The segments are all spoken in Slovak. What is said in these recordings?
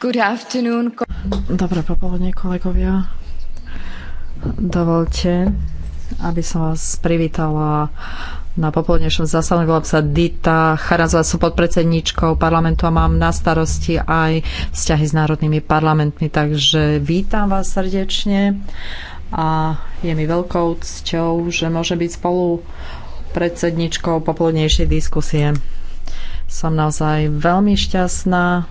Good afternoon. Dobré popoludne, kolegovia. Dovolte, aby som vás privítala na popoludnejšom zasadaní. Volám sa Dita Charanzová, som podpredsedničkou parlamentu a mám na starosti aj vzťahy s národnými parlamentmi. Takže vítam vás srdečne a je mi veľkou cťou, že môžem byť spolu predsedničkou popoludnejšej diskusie. Som naozaj veľmi šťastná,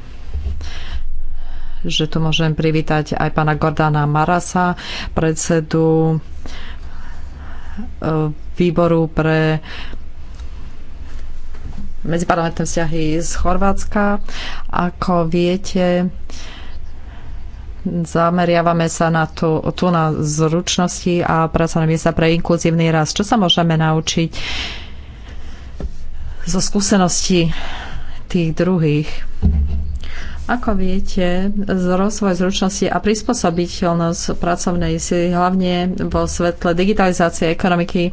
že tu môžem privítať aj pána Gordana Marasa, predsedu e, výboru pre medziparlamentné vzťahy z Chorvátska. Ako viete, zameriavame sa na tu, tú na zručnosti a pracovné sa pre inkluzívny rast. Čo sa môžeme naučiť zo skúseností tých druhých? Ako viete, rozvoj zručnosti a prispôsobiteľnosť pracovnej si hlavne vo svetle digitalizácie ekonomiky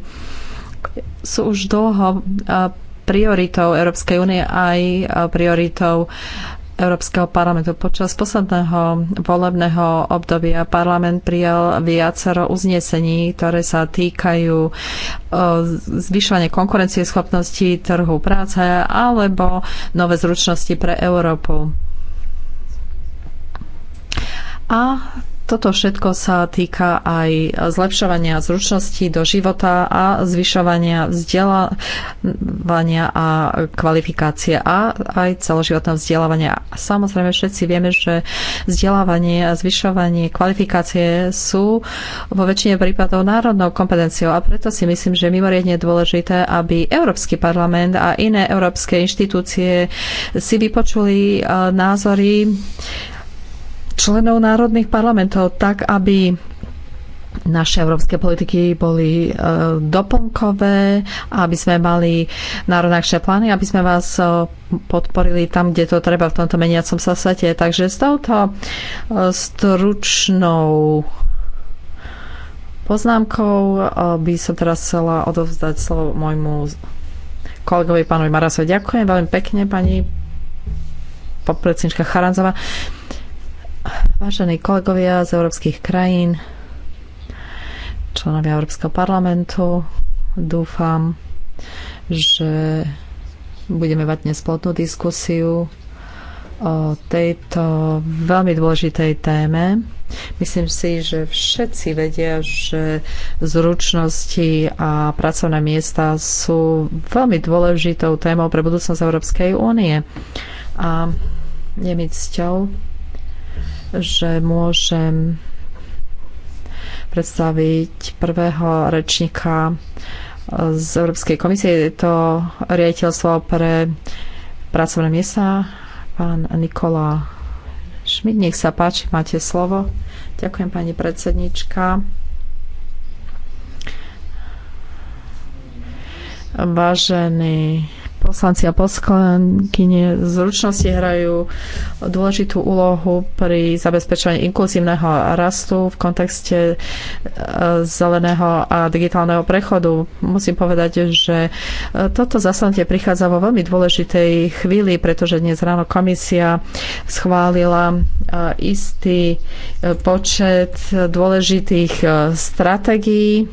sú už dlho prioritou Európskej únie aj prioritou Európskeho parlamentu. Počas posledného volebného obdobia parlament prijal viacero uznesení, ktoré sa týkajú zvyšovania konkurencie trhu práce alebo nové zručnosti pre Európu. A toto všetko sa týka aj zlepšovania zručností do života a zvyšovania vzdelávania a kvalifikácie a aj celoživotného vzdelávania. Samozrejme, všetci vieme, že vzdelávanie a zvyšovanie kvalifikácie sú vo väčšine prípadov národnou kompetenciou a preto si myslím, že je mimoriadne dôležité, aby Európsky parlament a iné európske inštitúcie si vypočuli eh, názory členov národných parlamentov tak, aby naše európske politiky boli e, doplnkové, aby sme mali národnáhšie plány, aby sme vás e, podporili tam, kde to treba v tomto meniacom sa svete. Takže s touto e, stručnou poznámkou e, by som teraz chcela odovzdať slovo môjmu kolegovi pánovi Marasovi. Ďakujem veľmi pekne, pani podpredsednička Charanzová. E, vážení kolegovia z európskych krajín, členovia Európskeho parlamentu, dúfam, že budeme mať dnes plodnú diskusiu o tejto veľmi dôležitej téme. Myslím si, že všetci vedia, že zručnosti a pracovné miesta sú veľmi dôležitou témou pre budúcnosť Európskej únie. A je mi cťou, že môžem predstaviť prvého rečníka e, z Európskej komisie. Je to riaditeľstvo pre pracovné miesta, pán Nikola Šmit. Nech sa páči, máte slovo. Ďakujem, pani predsednička. Vážený poslanci a poslankyne zručnosti hrajú dôležitú úlohu pri zabezpečovaní inkluzívneho rastu v kontexte e, zeleného a digitálneho prechodu. Musím povedať, že e, toto zaslanie prichádza vo veľmi dôležitej chvíli, pretože dnes ráno komisia schválila e, istý počet dôležitých stratégií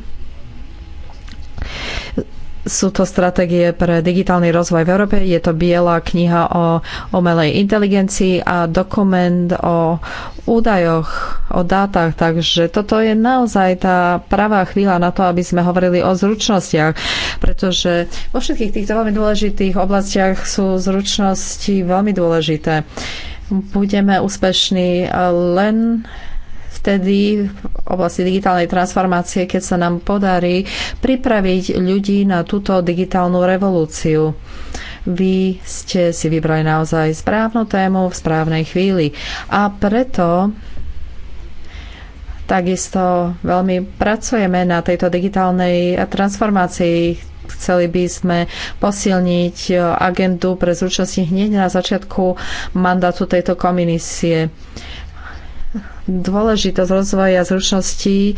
sú to stratégie pre digitálny rozvoj v Európe, je to biela kniha o umelej inteligencii a dokument o údajoch, o dátach, takže toto je naozaj tá pravá chvíľa na to, aby sme hovorili o zručnostiach, pretože vo všetkých týchto veľmi dôležitých oblastiach sú zručnosti veľmi dôležité. Budeme úspešní len vtedy v oblasti digitálnej transformácie, keď sa nám podarí pripraviť ľudí na túto digitálnu revolúciu. Vy ste si vybrali naozaj správnu tému v správnej chvíli a preto Takisto veľmi pracujeme na tejto digitálnej transformácii. Chceli by sme posilniť agendu pre zúčastní hneď na začiatku mandátu tejto komisie dôležitosť rozvoja zručností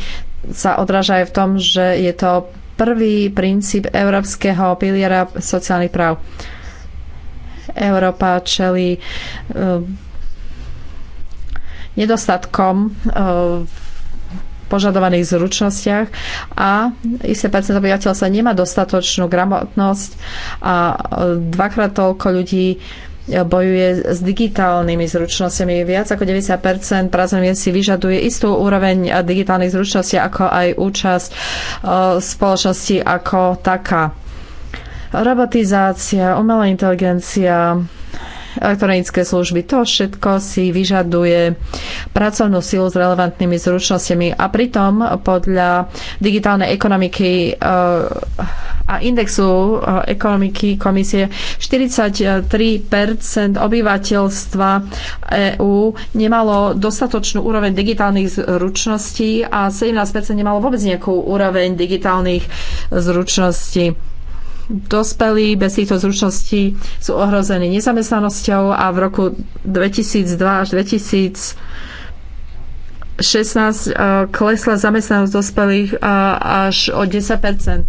sa odráža aj v tom, že je to prvý princíp európskeho piliera sociálnych práv. Európa čeli eh, nedostatkom eh, v požadovaných zručnostiach a isté obyvateľov sa nemá dostatočnú gramotnosť a eh, dvakrát toľko ľudí bojuje s digitálnymi zručnosťami. Viac ako 90 pracovníc si vyžaduje istú úroveň digitálnych zručností, ako aj účasť e, spoločnosti ako taká. Robotizácia, umelá inteligencia, elektronické služby. To všetko si vyžaduje pracovnú silu s relevantnými zručnosťami a pritom podľa digitálnej ekonomiky eh, a indexu eh, ekonomiky komisie 43% obyvateľstva EÚ nemalo dostatočnú úroveň digitálnych zručností a 17% nemalo vôbec nejakú úroveň digitálnych zručností dospelí bez týchto zručností sú ohrození nezamestnanosťou a v roku 2002 až 2016 e, klesla zamestnanosť dospelých e, až o 10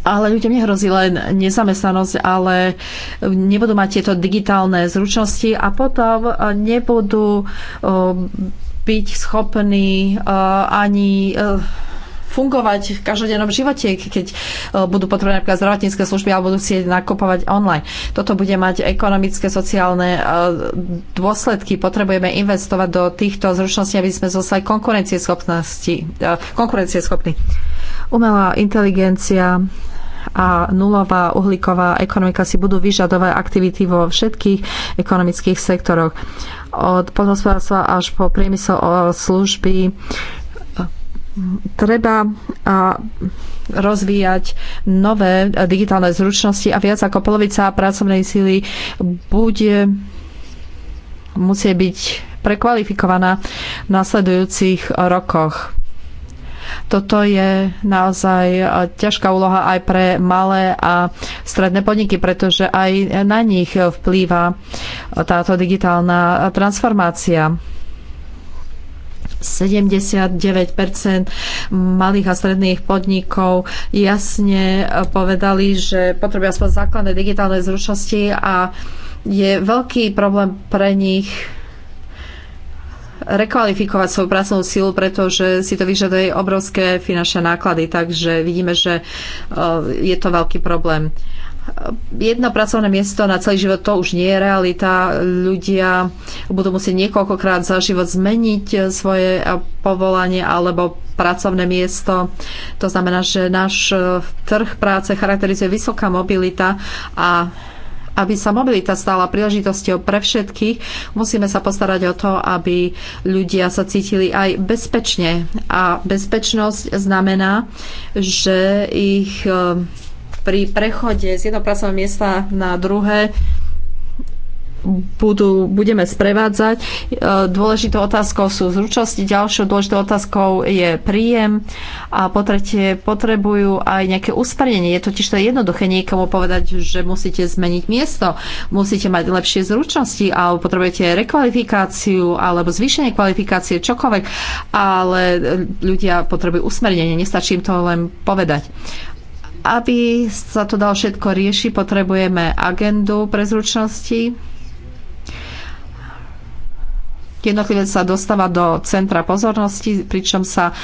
ale ľuďom nehrozí len nezamestnanosť, ale nebudú mať tieto digitálne zručnosti a potom e, nebudú byť schopní ani fungovať v každodennom živote, keď eh, budú potrebné napríklad zdravotnícke služby alebo budú chcieť nakupovať online. Toto bude mať ekonomické, sociálne eh, dôsledky. Potrebujeme investovať do týchto zručností, aby sme zostali eh, konkurencieschopní. Umelá inteligencia a nulová uhlíková ekonomika si budú vyžadovať aktivity vo všetkých ekonomických sektoroch. Od podhospodárstva až po priemysel o služby treba rozvíjať nové digitálne zručnosti a viac ako polovica pracovnej síly bude musieť byť prekvalifikovaná v nasledujúcich rokoch. Toto je naozaj ťažká úloha aj pre malé a stredné podniky, pretože aj na nich vplýva táto digitálna transformácia 79 malých a stredných podnikov jasne eh, povedali, že potrebujú aspoň základné digitálne zručnosti a je veľký problém pre nich rekvalifikovať svoju pracovnú silu, pretože si to vyžaduje obrovské finančné náklady, takže vidíme, že eh, je to veľký problém jedno pracovné miesto na celý život to už nie je realita. Ľudia budú musieť niekoľkokrát za život zmeniť svoje povolanie alebo pracovné miesto. To znamená, že náš trh práce charakterizuje vysoká mobilita a aby sa mobilita stala príležitosťou pre všetkých, musíme sa postarať o to, aby ľudia sa cítili aj bezpečne. A bezpečnosť znamená, že ich pri prechode z jedného pracovného miesta na druhé budú, budeme sprevádzať. E, dôležitou otázkou sú zručnosti, ďalšou dôležitou otázkou je príjem a po tretie potrebujú aj nejaké usmernenie. Je totiž to jednoduché niekomu povedať, že musíte zmeniť miesto, musíte mať lepšie zručnosti alebo potrebujete rekvalifikáciu alebo zvýšenie kvalifikácie, čokoľvek, ale e, ľudia potrebujú usmernenie, nestačí im to len povedať. Aby sa to dal všetko rieši, potrebujeme agendu pre zručnosti. Jednotlivé sa dostáva do centra pozornosti, pričom sa e,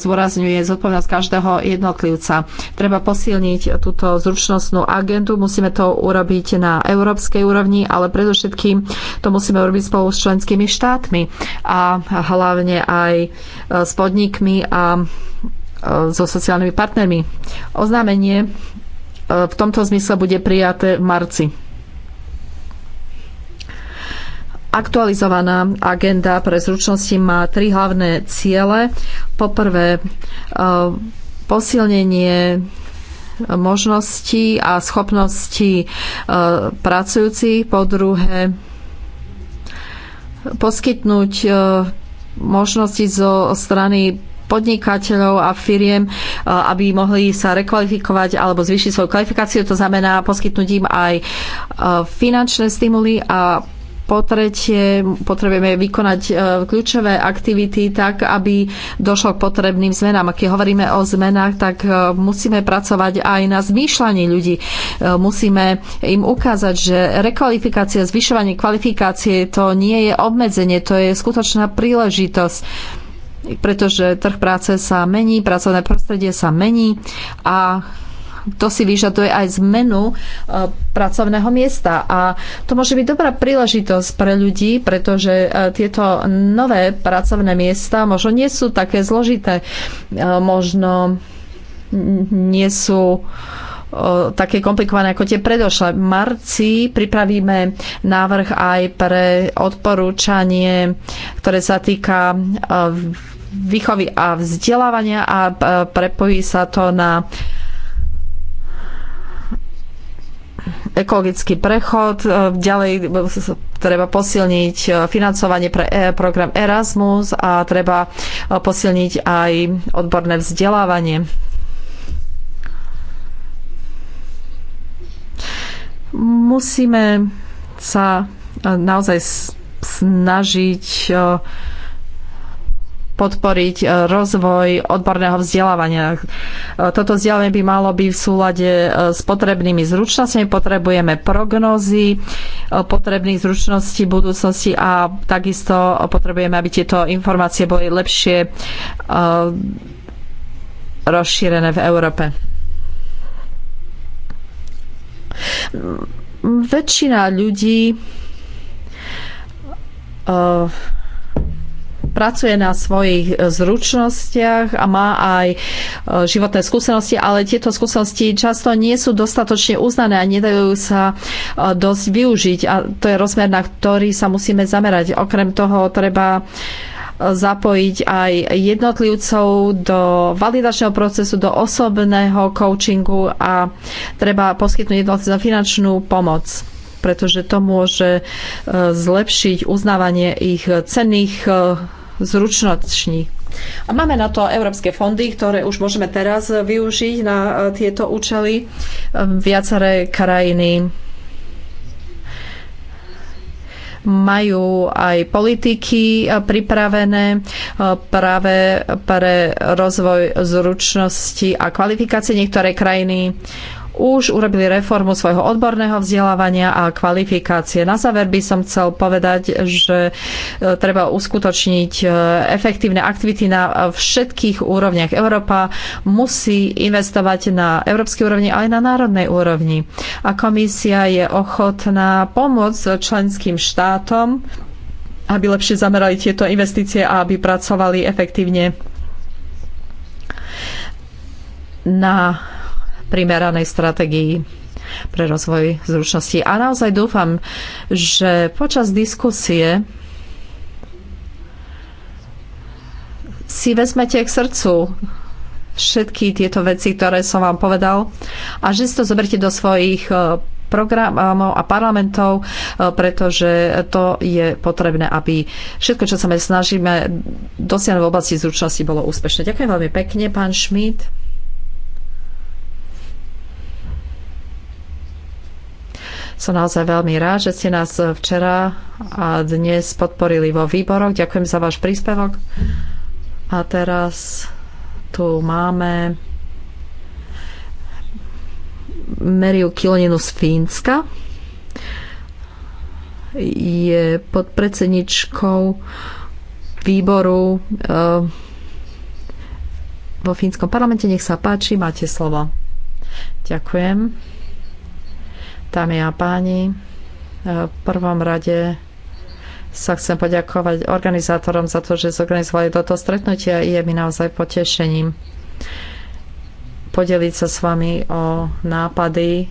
zdôrazňuje zodpovednosť každého jednotlivca. Treba posilniť túto zručnostnú agendu, musíme to urobiť na európskej úrovni, ale predovšetkým to musíme urobiť spolu s členskými štátmi a hlavne aj e, s podnikmi a E, so sociálnymi partnermi. Oznámenie e, v tomto zmysle bude prijaté v marci. Aktualizovaná agenda pre zručnosti má tri hlavné ciele. Poprvé, e, posilnenie možností a schopností pracujúcich. Po druhé, poskytnúť možnosti zo strany podnikateľov a firiem, e, aby mohli sa rekvalifikovať alebo zvýšiť svoju kvalifikáciu. To znamená poskytnúť im aj e, finančné stimuly a po tretie, potrebujeme vykonať e, kľúčové aktivity tak, aby došlo k potrebným zmenám. A keď hovoríme o zmenách, tak musíme pracovať aj na zmýšľaní ľudí. Musíme im ukázať, že rekvalifikácia, zvyšovanie kvalifikácie to nie je obmedzenie, to je skutočná príležitosť pretože trh práce sa mení, pracovné prostredie sa mení a to si vyžaduje aj zmenu e, pracovného miesta. A to môže byť dobrá príležitosť pre ľudí, pretože e, tieto nové pracovné miesta možno nie sú také zložité, e, možno nie sú také komplikované ako tie predošlé. V marci pripravíme návrh aj pre odporúčanie, ktoré sa týka výchovy a vzdelávania a prepojí sa to na ekologický prechod. E, ďalej treba posilniť e, financovanie pre e, program Erasmus a treba posilniť aj odborné vzdelávanie. Musíme sa naozaj snažiť uh, podporiť e, rozvoj odborného vzdelávania. E, toto vzdelávanie by malo byť v súlade e, s potrebnými zručnosťami. Potrebujeme prognózy potrebných zručností budúcnosti a takisto potrebujeme, aby tieto informácie boli lepšie rozšírené v Európe. Väčšina ľudí pracuje na svojich e, zručnostiach a má aj e, životné skúsenosti, ale tieto skúsenosti často nie sú dostatočne uznané a nedajú sa e, dosť využiť. A to je rozmer, na ktorý sa musíme zamerať. Okrem toho treba zapojiť aj jednotlivcov do validačného procesu, do osobného coachingu a treba poskytnúť jednotlivcom finančnú pomoc pretože to môže zlepšiť uznávanie ich cenných zručnoční. A máme na to európske fondy, ktoré už môžeme teraz využiť na e, tieto účely. E, viaceré krajiny majú aj politiky e, pripravené práve pre rozvoj zručnosti a kvalifikácie. Niektoré krajiny už urobili reformu svojho odborného vzdelávania a kvalifikácie. Na záver by som chcel povedať, že e, treba uskutočniť e, efektívne aktivity na e, všetkých úrovniach. Európa musí investovať na európskej úrovni, ale aj na národnej úrovni. A komisia je ochotná pomôcť členským štátom, aby lepšie zamerali tieto investície a aby pracovali efektívne na primeranej stratégii pre rozvoj zručnosti. A naozaj dúfam, že počas diskusie si vezmete k srdcu všetky tieto veci, ktoré som vám povedal a že si to zoberte do svojich e, programov a parlamentov, e, pretože to je potrebné, aby všetko, čo sa my snažíme dosiahnuť v oblasti zručnosti, bolo úspešné. Ďakujem veľmi pekne, pán Schmidt. Som naozaj veľmi rád, že ste nás včera a dnes podporili vo výboroch. Ďakujem za váš príspevok. A teraz tu máme Meriu Kiloninu z Fínska. Je podpredsedničkou výboru eh, vo Fínskom parlamente. Nech sa páči, máte slovo. Ďakujem dámy a páni. E, v prvom rade sa chcem poďakovať organizátorom za to, že zorganizovali toto stretnutie a je mi naozaj potešením podeliť sa s vami o nápady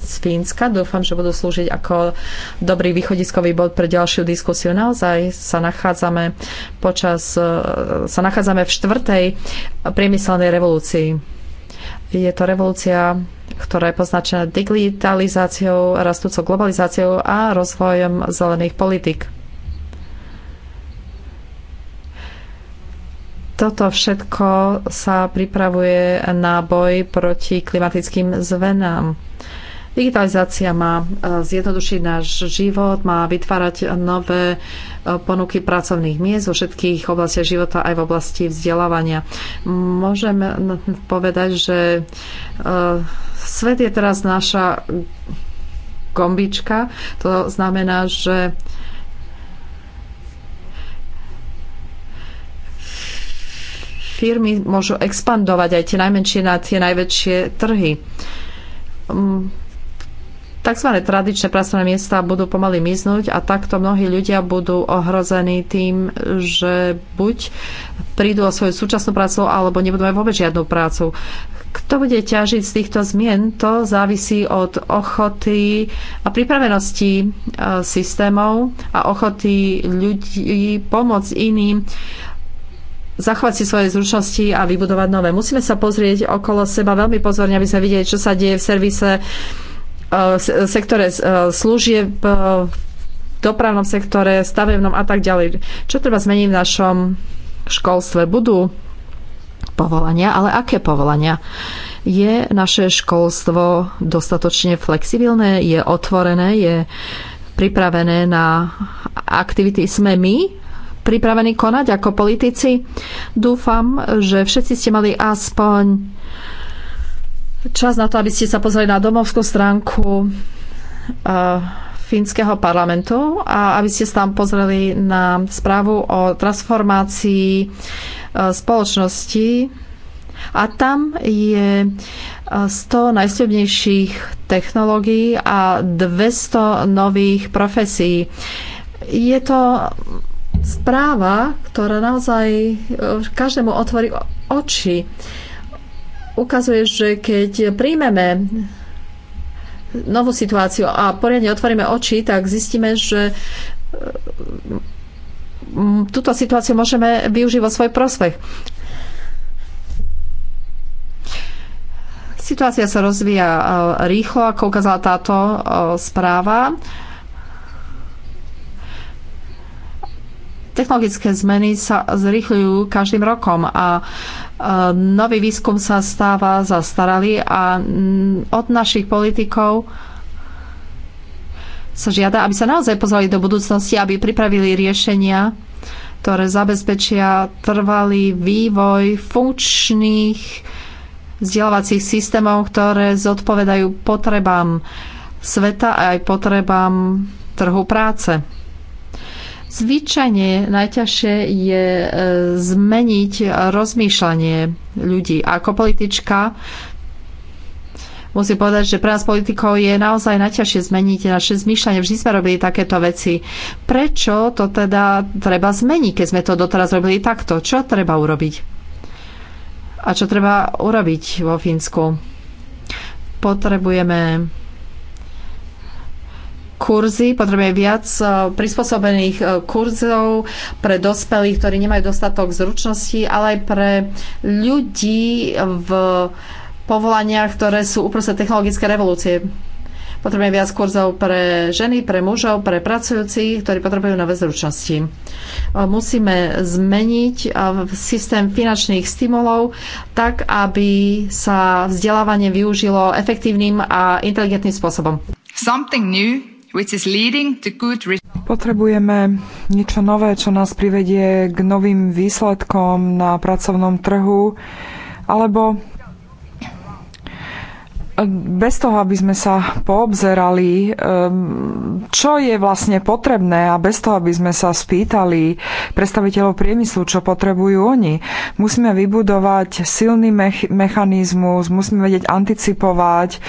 z Fínska. Dúfam, že budú slúžiť ako dobrý východiskový bod pre ďalšiu diskusiu. Naozaj sa nachádzame počas, e, sa nachádzame v štvrtej priemyselnej revolúcii. Je to revolúcia ktorá je poznačená digitalizáciou, rastúcou globalizáciou a rozvojom zelených politik. Toto všetko sa pripravuje na boj proti klimatickým zvenám. Digitalizácia má e, zjednodušiť náš život, má vytvárať nové e, ponuky pracovných miest vo všetkých oblastiach života, aj v oblasti vzdelávania. Môžem povedať, že e, svet je teraz naša kombička. To znamená, že firmy môžu expandovať aj tie najmenšie na tie najväčšie trhy tzv. tradičné pracovné miesta budú pomaly miznúť a takto mnohí ľudia budú ohrození tým, že buď prídu o svoju súčasnú prácu, alebo nebudú mať vôbec žiadnu prácu. Kto bude ťažiť z týchto zmien, to závisí od ochoty a pripravenosti e, systémov a ochoty ľudí pomôcť iným zachovať si svoje zručnosti a vybudovať nové. Musíme sa pozrieť okolo seba veľmi pozorne, aby sme videli, čo sa deje v servise E, sektore e, služieb, e, v dopravnom sektore, stavebnom a tak ďalej. Čo treba zmeniť v našom školstve? Budú povolania, ale aké povolania? Je naše školstvo dostatočne flexibilné, je otvorené, je pripravené na aktivity? Sme my pripravení konať ako politici? Dúfam, že všetci ste mali aspoň čas na to, aby ste sa pozreli na domovskú stránku eh, fínskeho parlamentu a aby ste sa tam pozreli na správu o transformácii eh, spoločnosti. A tam je 100 eh, najsľubnejších technológií a 200 nových profesí. Je to správa, ktorá naozaj každému otvorí oči ukazuje, že keď príjmeme novú situáciu a poriadne otvoríme oči, tak zistíme, že mm, túto situáciu môžeme využiť vo svoj prospech. Situácia sa rozvíja e, rýchlo, ako ukázala táto e, správa. Technologické zmeny sa zrýchľujú každým rokom a nový výskum sa stáva zastaralý a mm, od našich politikov sa žiada, aby sa naozaj pozvali do budúcnosti, aby pripravili riešenia, ktoré zabezpečia trvalý vývoj funkčných vzdelávacích systémov, ktoré zodpovedajú potrebám sveta a aj potrebám trhu práce. Zvyčajne najťažšie je e, zmeniť rozmýšľanie ľudí. Ako politička musím povedať, že pre nás politikov je naozaj najťažšie zmeniť naše zmýšľanie. Vždy sme robili takéto veci. Prečo to teda treba zmeniť, keď sme to doteraz robili takto? Čo treba urobiť? A čo treba urobiť vo Fínsku? Potrebujeme kurzy, potrebujeme viac e, prispôsobených e, kurzov pre dospelých, ktorí nemajú dostatok zručností, ale aj pre ľudí v povolaniach, ktoré sú uprostred technologické revolúcie. Potrebujeme viac kurzov pre ženy, pre mužov, pre pracujúcich, ktorí potrebujú nové zručnosti. E, musíme zmeniť systém finančných stimulov tak, aby sa vzdelávanie využilo efektívnym a inteligentným spôsobom. Something new Potrebujeme niečo nové, čo nás privedie k novým výsledkom na pracovnom trhu, alebo bez toho, aby sme sa poobzerali, ehm, čo je vlastne potrebné a bez toho, aby sme sa spýtali predstaviteľov priemyslu, čo potrebujú oni. Musíme vybudovať silný mechanizmus, musíme vedieť anticipovať,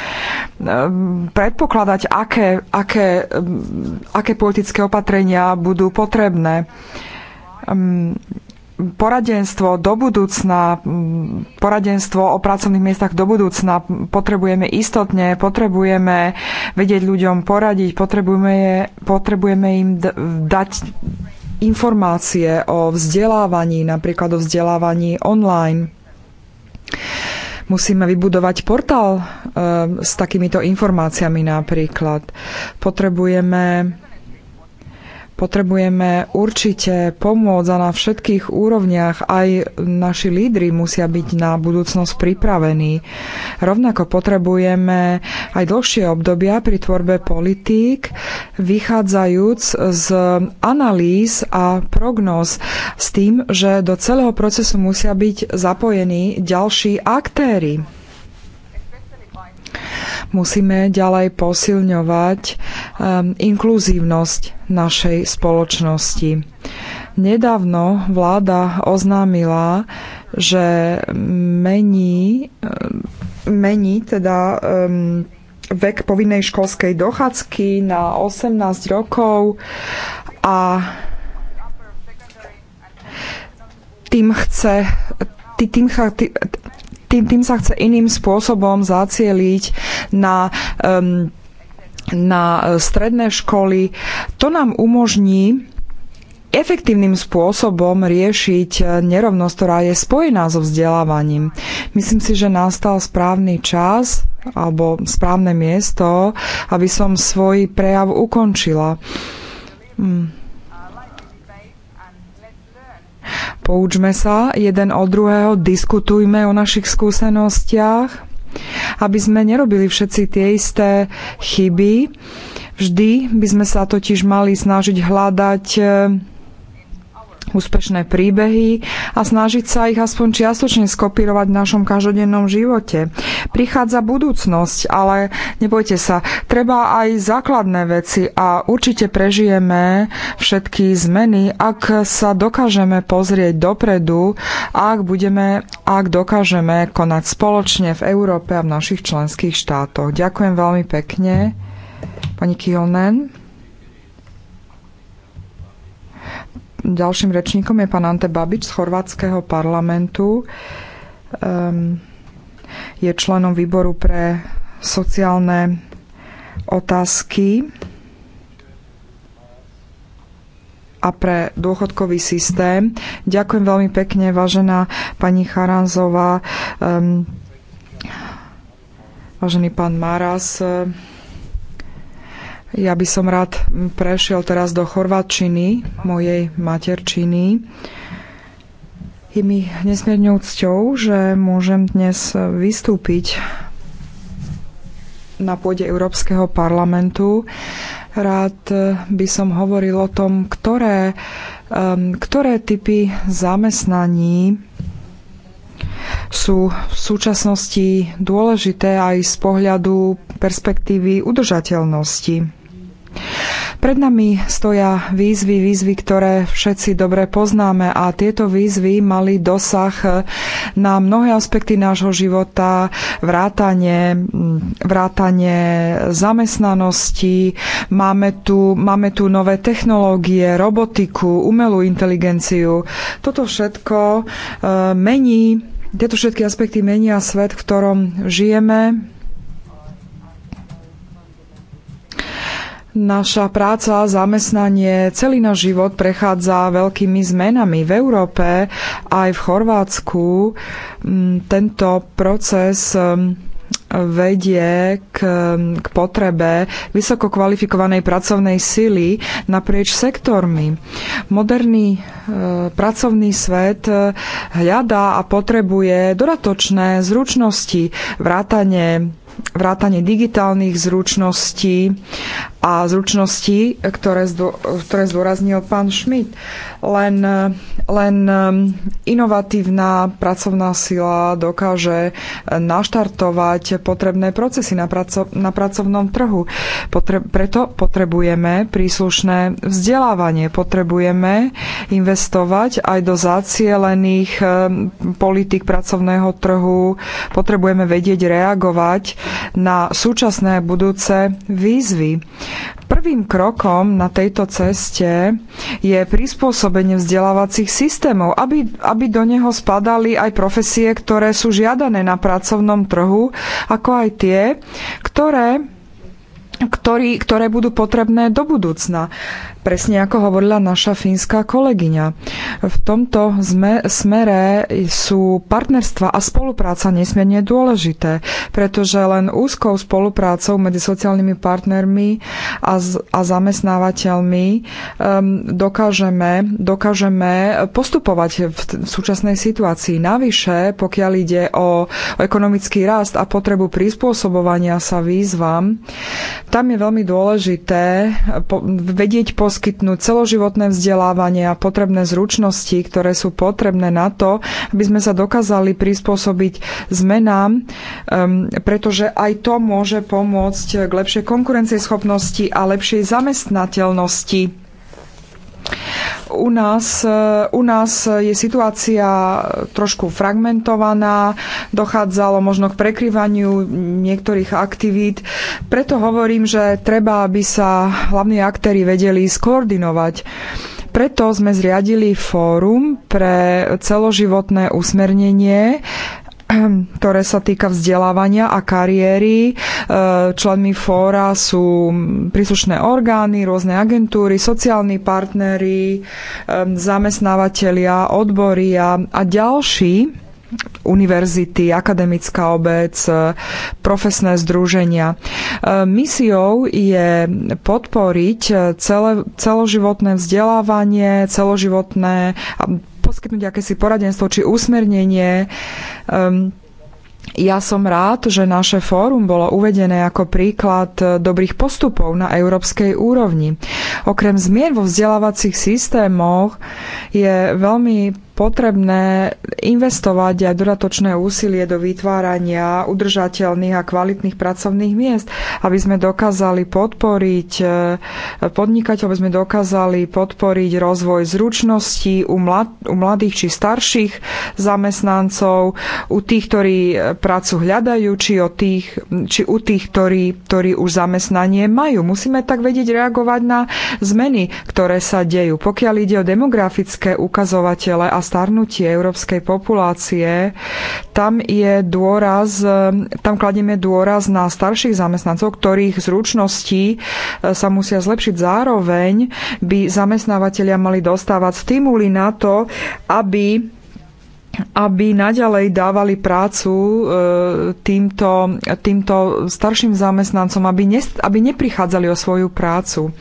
ehm, predpokladať, aké, aké, ehm, aké politické opatrenia budú potrebné poradenstvo do budúcna, poradenstvo o pracovných miestach do budúcna potrebujeme istotne, potrebujeme vedieť ľuďom poradiť, potrebujeme, je, potrebujeme im dať informácie o vzdelávaní, napríklad o vzdelávaní online. Musíme vybudovať portál e, s takýmito informáciami napríklad. Potrebujeme Potrebujeme určite pomôcť a na všetkých úrovniach aj naši lídry musia byť na budúcnosť pripravení. Rovnako potrebujeme aj dlhšie obdobia pri tvorbe politík, vychádzajúc z analýz a prognóz s tým, že do celého procesu musia byť zapojení ďalší aktéry Musíme ďalej posilňovať um, inkluzívnosť našej spoločnosti. Nedávno vláda oznámila, že mení, um, mení teda um, vek povinnej školskej dochádzky na 18 rokov a tým chce tým, tým, tým, tým sa chce iným spôsobom zacieliť na um, na stredné školy. To nám umožní efektívnym spôsobom riešiť eh, nerovnosť, ktorá je spojená so vzdelávaním. Myslím si, že nastal správny čas alebo správne miesto, aby som svoj prejav ukončila. Hmm. Poučme sa jeden od druhého, diskutujme o našich skúsenostiach, aby sme nerobili všetci tie isté chyby. Vždy by sme sa totiž mali snažiť hľadať eh, úspešné príbehy a snažiť sa ich aspoň čiastočne skopírovať v našom každodennom živote. Prichádza budúcnosť, ale nebojte sa, treba aj základné veci a určite prežijeme všetky zmeny, ak sa dokážeme pozrieť dopredu, ak budeme, ak dokážeme konať spoločne v Európe a v našich členských štátoch. Ďakujem veľmi pekne. Pani Kihonen. ďalším rečníkom je pán Ante Babič z chorvátskeho parlamentu. Um, je členom výboru pre sociálne otázky a pre dôchodkový systém. Ďakujem veľmi pekne, vážená pani Charanzová, um, vážený pán Maras. Um, ja by som rád prešiel teraz do chorvačiny, mojej materčiny. Je mi nesmiernou cťou, že môžem dnes e, vystúpiť na pôde Európskeho parlamentu. Rád e, by som hovoril o tom, ktoré, um, ktoré typy zamestnaní sú v súčasnosti dôležité aj z pohľadu perspektívy udržateľnosti. Pred nami stoja výzvy, výzvy, ktoré všetci dobre poznáme a tieto výzvy mali dosah eh, na mnohé aspekty nášho života, vrátanie, mm, vrátanie zamestnanosti, máme tu, máme tu nové technológie, robotiku, umelú inteligenciu. Toto všetko eh, mení, tieto všetky aspekty menia svet, v ktorom žijeme, Naša práca, zamestnanie, celý náš život prechádza veľkými zmenami v Európe aj v Chorvátsku. Mm, tento proces mm, vedie k, mm, k potrebe vysoko kvalifikovanej pracovnej sily naprieč sektormi. Moderný e, pracovný svet e, hľadá a potrebuje dodatočné zručnosti, vrátanie vrátanie digitálnych zručností a zručností, ktoré, zdô, ktoré zdôraznil pán Schmidt. Len, len um, inovatívna pracovná sila dokáže naštartovať potrebné procesy na, praco, na pracovnom trhu. Potre, preto potrebujeme príslušné vzdelávanie, potrebujeme investovať aj do zacielených um, politik pracovného trhu, potrebujeme vedieť reagovať na súčasné a budúce výzvy. Prvým krokom na tejto ceste je prispôsobenie vzdelávacích systémov, aby, aby do neho spadali aj profesie, ktoré sú žiadané na pracovnom trhu, ako aj tie, ktoré ktorý, ktoré budú potrebné do budúcna. Presne ako hovorila naša fínska kolegyňa. V tomto smere sú partnerstva a spolupráca nesmierne dôležité, pretože len úzkou spoluprácou medzi sociálnymi partnermi a, a zamestnávateľmi um, dokážeme, dokážeme postupovať v, v súčasnej situácii. Navyše, pokiaľ ide o, o ekonomický rast a potrebu prispôsobovania sa výzvam, tam je veľmi dôležité po, vedieť po poskytnúť celoživotné vzdelávanie a potrebné zručnosti, ktoré sú potrebné na to, aby sme sa dokázali prispôsobiť zmenám, ehm, pretože aj to môže pomôcť k lepšej konkurencieschopnosti a lepšej zamestnateľnosti u nás, e, u nás je situácia trošku fragmentovaná, dochádzalo možno k prekryvaniu niektorých aktivít. Preto hovorím, že treba, aby sa hlavní aktéry vedeli skoordinovať. Preto sme zriadili fórum pre celoživotné usmernenie ktoré sa týka vzdelávania a kariéry. E, členmi fóra sú príslušné orgány, rôzne agentúry, sociálni partnery, e, zamestnávateľia, odbory a, a ďalší univerzity, akademická obec, e, profesné združenia. Misiou je podporiť celé, celoživotné vzdelávanie, celoživotné poskytnúť akési poradenstvo či usmernenie. Um, ja som rád, že naše fórum bolo uvedené ako príklad e, dobrých postupov na európskej úrovni. Okrem zmien vo vzdelávacích systémoch je veľmi potrebné investovať aj dodatočné úsilie do vytvárania udržateľných a kvalitných pracovných miest, aby sme dokázali podporiť e, podnikateľov, aby sme dokázali podporiť rozvoj zručností u, mlad, u mladých či starších zamestnancov, u tých, ktorí e, prácu hľadajú, či, o tých, či u tých, ktorí, ktorí už zamestnanie majú. Musíme tak vedieť reagovať na zmeny, ktoré sa dejú. Pokiaľ ide o demografické ukazovatele a starnutie európskej populácie, tam je dôraz, tam kladieme dôraz na starších zamestnancov, ktorých zručnosti e, sa musia zlepšiť. Zároveň by zamestnávateľia mali dostávať stimuly na to, aby aby naďalej dávali prácu e, týmto, týmto starším zamestnancom, aby, ne, aby neprichádzali o svoju prácu.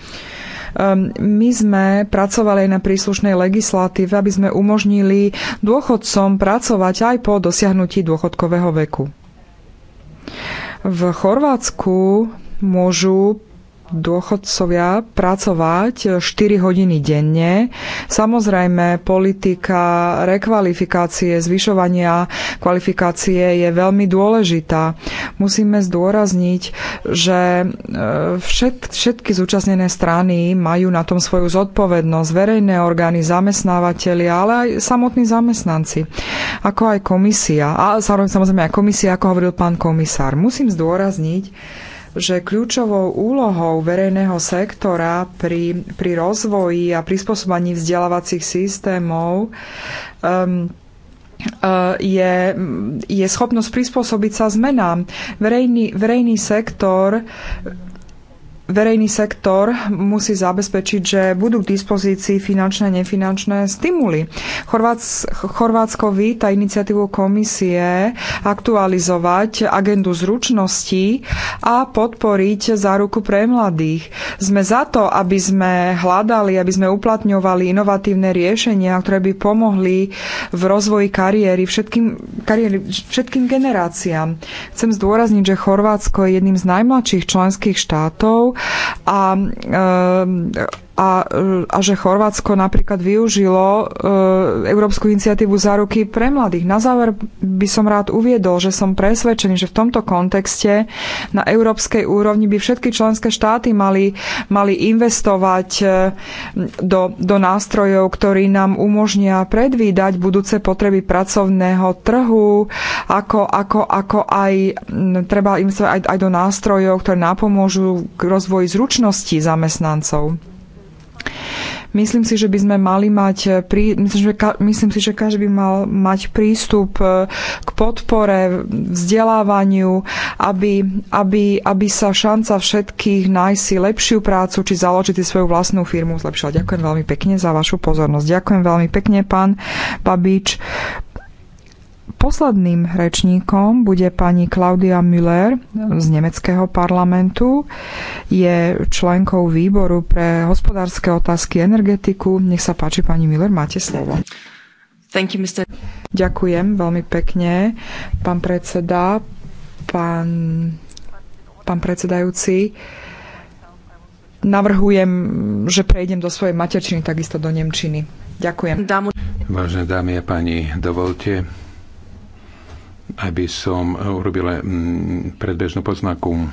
Ehm, my sme pracovali aj na príslušnej legislatíve, aby sme umožnili dôchodcom pracovať aj po dosiahnutí dôchodkového veku. V Chorvátsku môžu dôchodcovia pracovať 4 hodiny denne. Samozrejme, politika rekvalifikácie, zvyšovania kvalifikácie je veľmi dôležitá. Musíme zdôrazniť, že e, všetky zúčastnené strany majú na tom svoju zodpovednosť. Verejné orgány, zamestnávateľi, ale aj samotní zamestnanci, ako aj komisia. A samozrejme aj komisia, ako hovoril pán komisár. Musím zdôrazniť, že kľúčovou úlohou verejného sektora pri, pri rozvoji a prispôsobaní vzdelávacích systémov um, uh, je, je schopnosť prispôsobiť sa zmenám. Verejný, verejný sektor verejný sektor musí zabezpečiť, že budú k dispozícii finančné a nefinančné stimuly. Chorvátsko víta iniciatívu komisie aktualizovať agendu zručností a podporiť záruku pre mladých. Sme za to, aby sme hľadali, aby sme uplatňovali inovatívne riešenia, ktoré by pomohli v rozvoji kariéry všetkým, kariéry všetkým generáciám. Chcem zdôrazniť, že Chorvátsko je jedným z najmladších členských štátov a ehm, a, e, a že Chorvátsko napríklad využilo e, Európsku iniciatívu záruky pre mladých. Na záver by som rád uviedol, že som presvedčený, že v tomto kontexte na európskej úrovni by všetky členské štáty mali, mali investovať e, do, do nástrojov, ktorí nám umožnia predvídať budúce potreby pracovného trhu, ako, ako, ako aj treba investovať aj, aj do nástrojov, ktoré napomôžu k rozvoji zručností zamestnancov. Myslím si, že by sme mali mať, eh, myslím, že, myslím si, že každý by mal mať prístup eh, k podpore, vzdelávaniu, aby, aby, aby sa šanca všetkých nájsť si lepšiu prácu, či založiť si svoju vlastnú firmu zlepšila. Ďakujem veľmi pekne za vašu pozornosť. Ďakujem veľmi pekne, pán Babič. Posledným rečníkom bude pani Klaudia Müller z nemeckého parlamentu. Je členkou výboru pre hospodárske otázky energetiku. Nech sa páči, pani Müller, máte slovo. Thank you, Mr. Ďakujem veľmi pekne, pán predseda, pán, pán predsedajúci. Navrhujem, že prejdem do svojej materčiny, takisto do Nemčiny. Ďakujem. Vážené dámy a páni, dovolte aby som eh, urobila eh, predbežnú poznaku.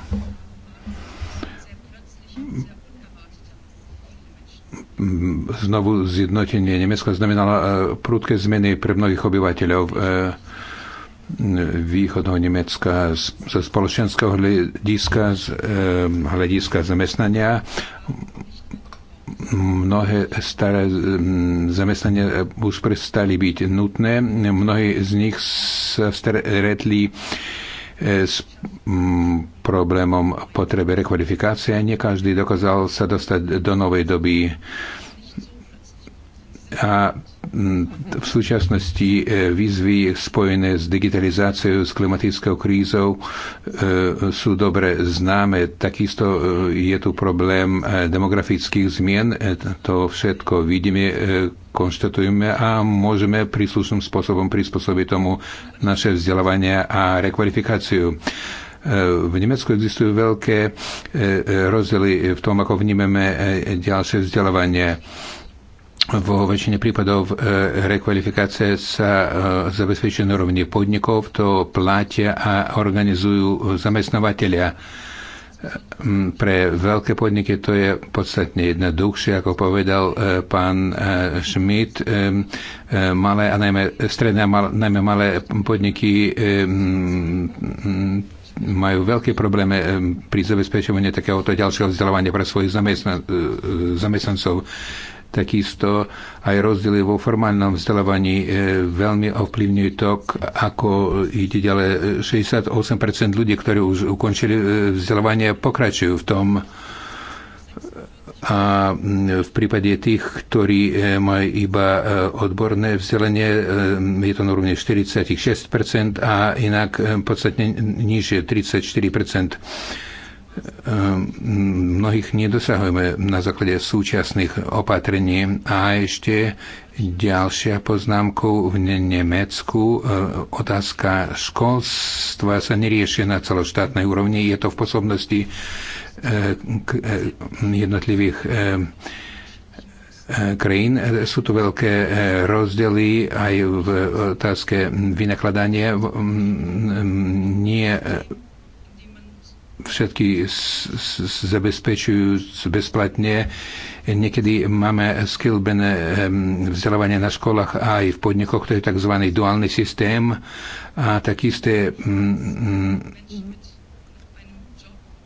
Znovu zjednotenie Nemecka znamenalo eh, prudké zmeny pre mnohých obyvateľov východného Nemecka zo spoločenského hľadiska, z hľadiska zamestnania mnohé staré mm, zamestnania už prestali byť nutné. Mnohí z nich sa stretli e, s mm, problémom potreby rekvalifikácie. Nie každý dokázal sa dostať do novej doby a mm, v súčasnosti e, výzvy spojené s digitalizáciou, s klimatickou krízou e, sú dobre známe. Takisto e, je tu problém demografických zmien. To všetko vidíme, konštatujeme a môžeme príslušným spôsobom prispôsobiť tomu naše vzdelávanie a rekvalifikáciu. V Nemecku existujú veľké rozdiely v tom, ako vnímeme ďalšie vzdelávanie vo väčšine prípadov e, rekvalifikácie sa e, zabezpečuje na rovni podnikov, to platia a organizujú zamestnovateľia. E, pre veľké podniky to je podstatne jednoduchšie, ako povedal pán Schmidt. Malé a najmä stredné, najmä malé podniky majú veľké problémy pri zabezpečovaní takéhoto ďalšieho vzdelávania pre svojich zamestnancov. Takisto aj rozdiely vo formálnom vzdelávaní e, veľmi ovplyvňujú to, ako ide ďalej. 68% ľudí, ktorí už ukončili e, vzdelávanie, pokračujú v tom a v prípade tých, ktorí e, majú iba odborné vzdelanie, je to na úrovni 46% a inak podstatne nižšie 34%. Ehm, mnohých nedosahujeme na základe súčasných opatrení. A ešte ďalšia poznámku v Nemecku. Ehm, otázka školstva sa nerieši na celoštátnej úrovni. Je to v posobnosti ehm, jednotlivých krajín. Sú tu veľké rozdiely aj v otázke vynakladania. Nie všetky zabezpečujú bezplatne. Niekedy máme skilbené vzdelávanie na školách aj v podnikoch, to je tzv. duálny systém a takisté mm, mm,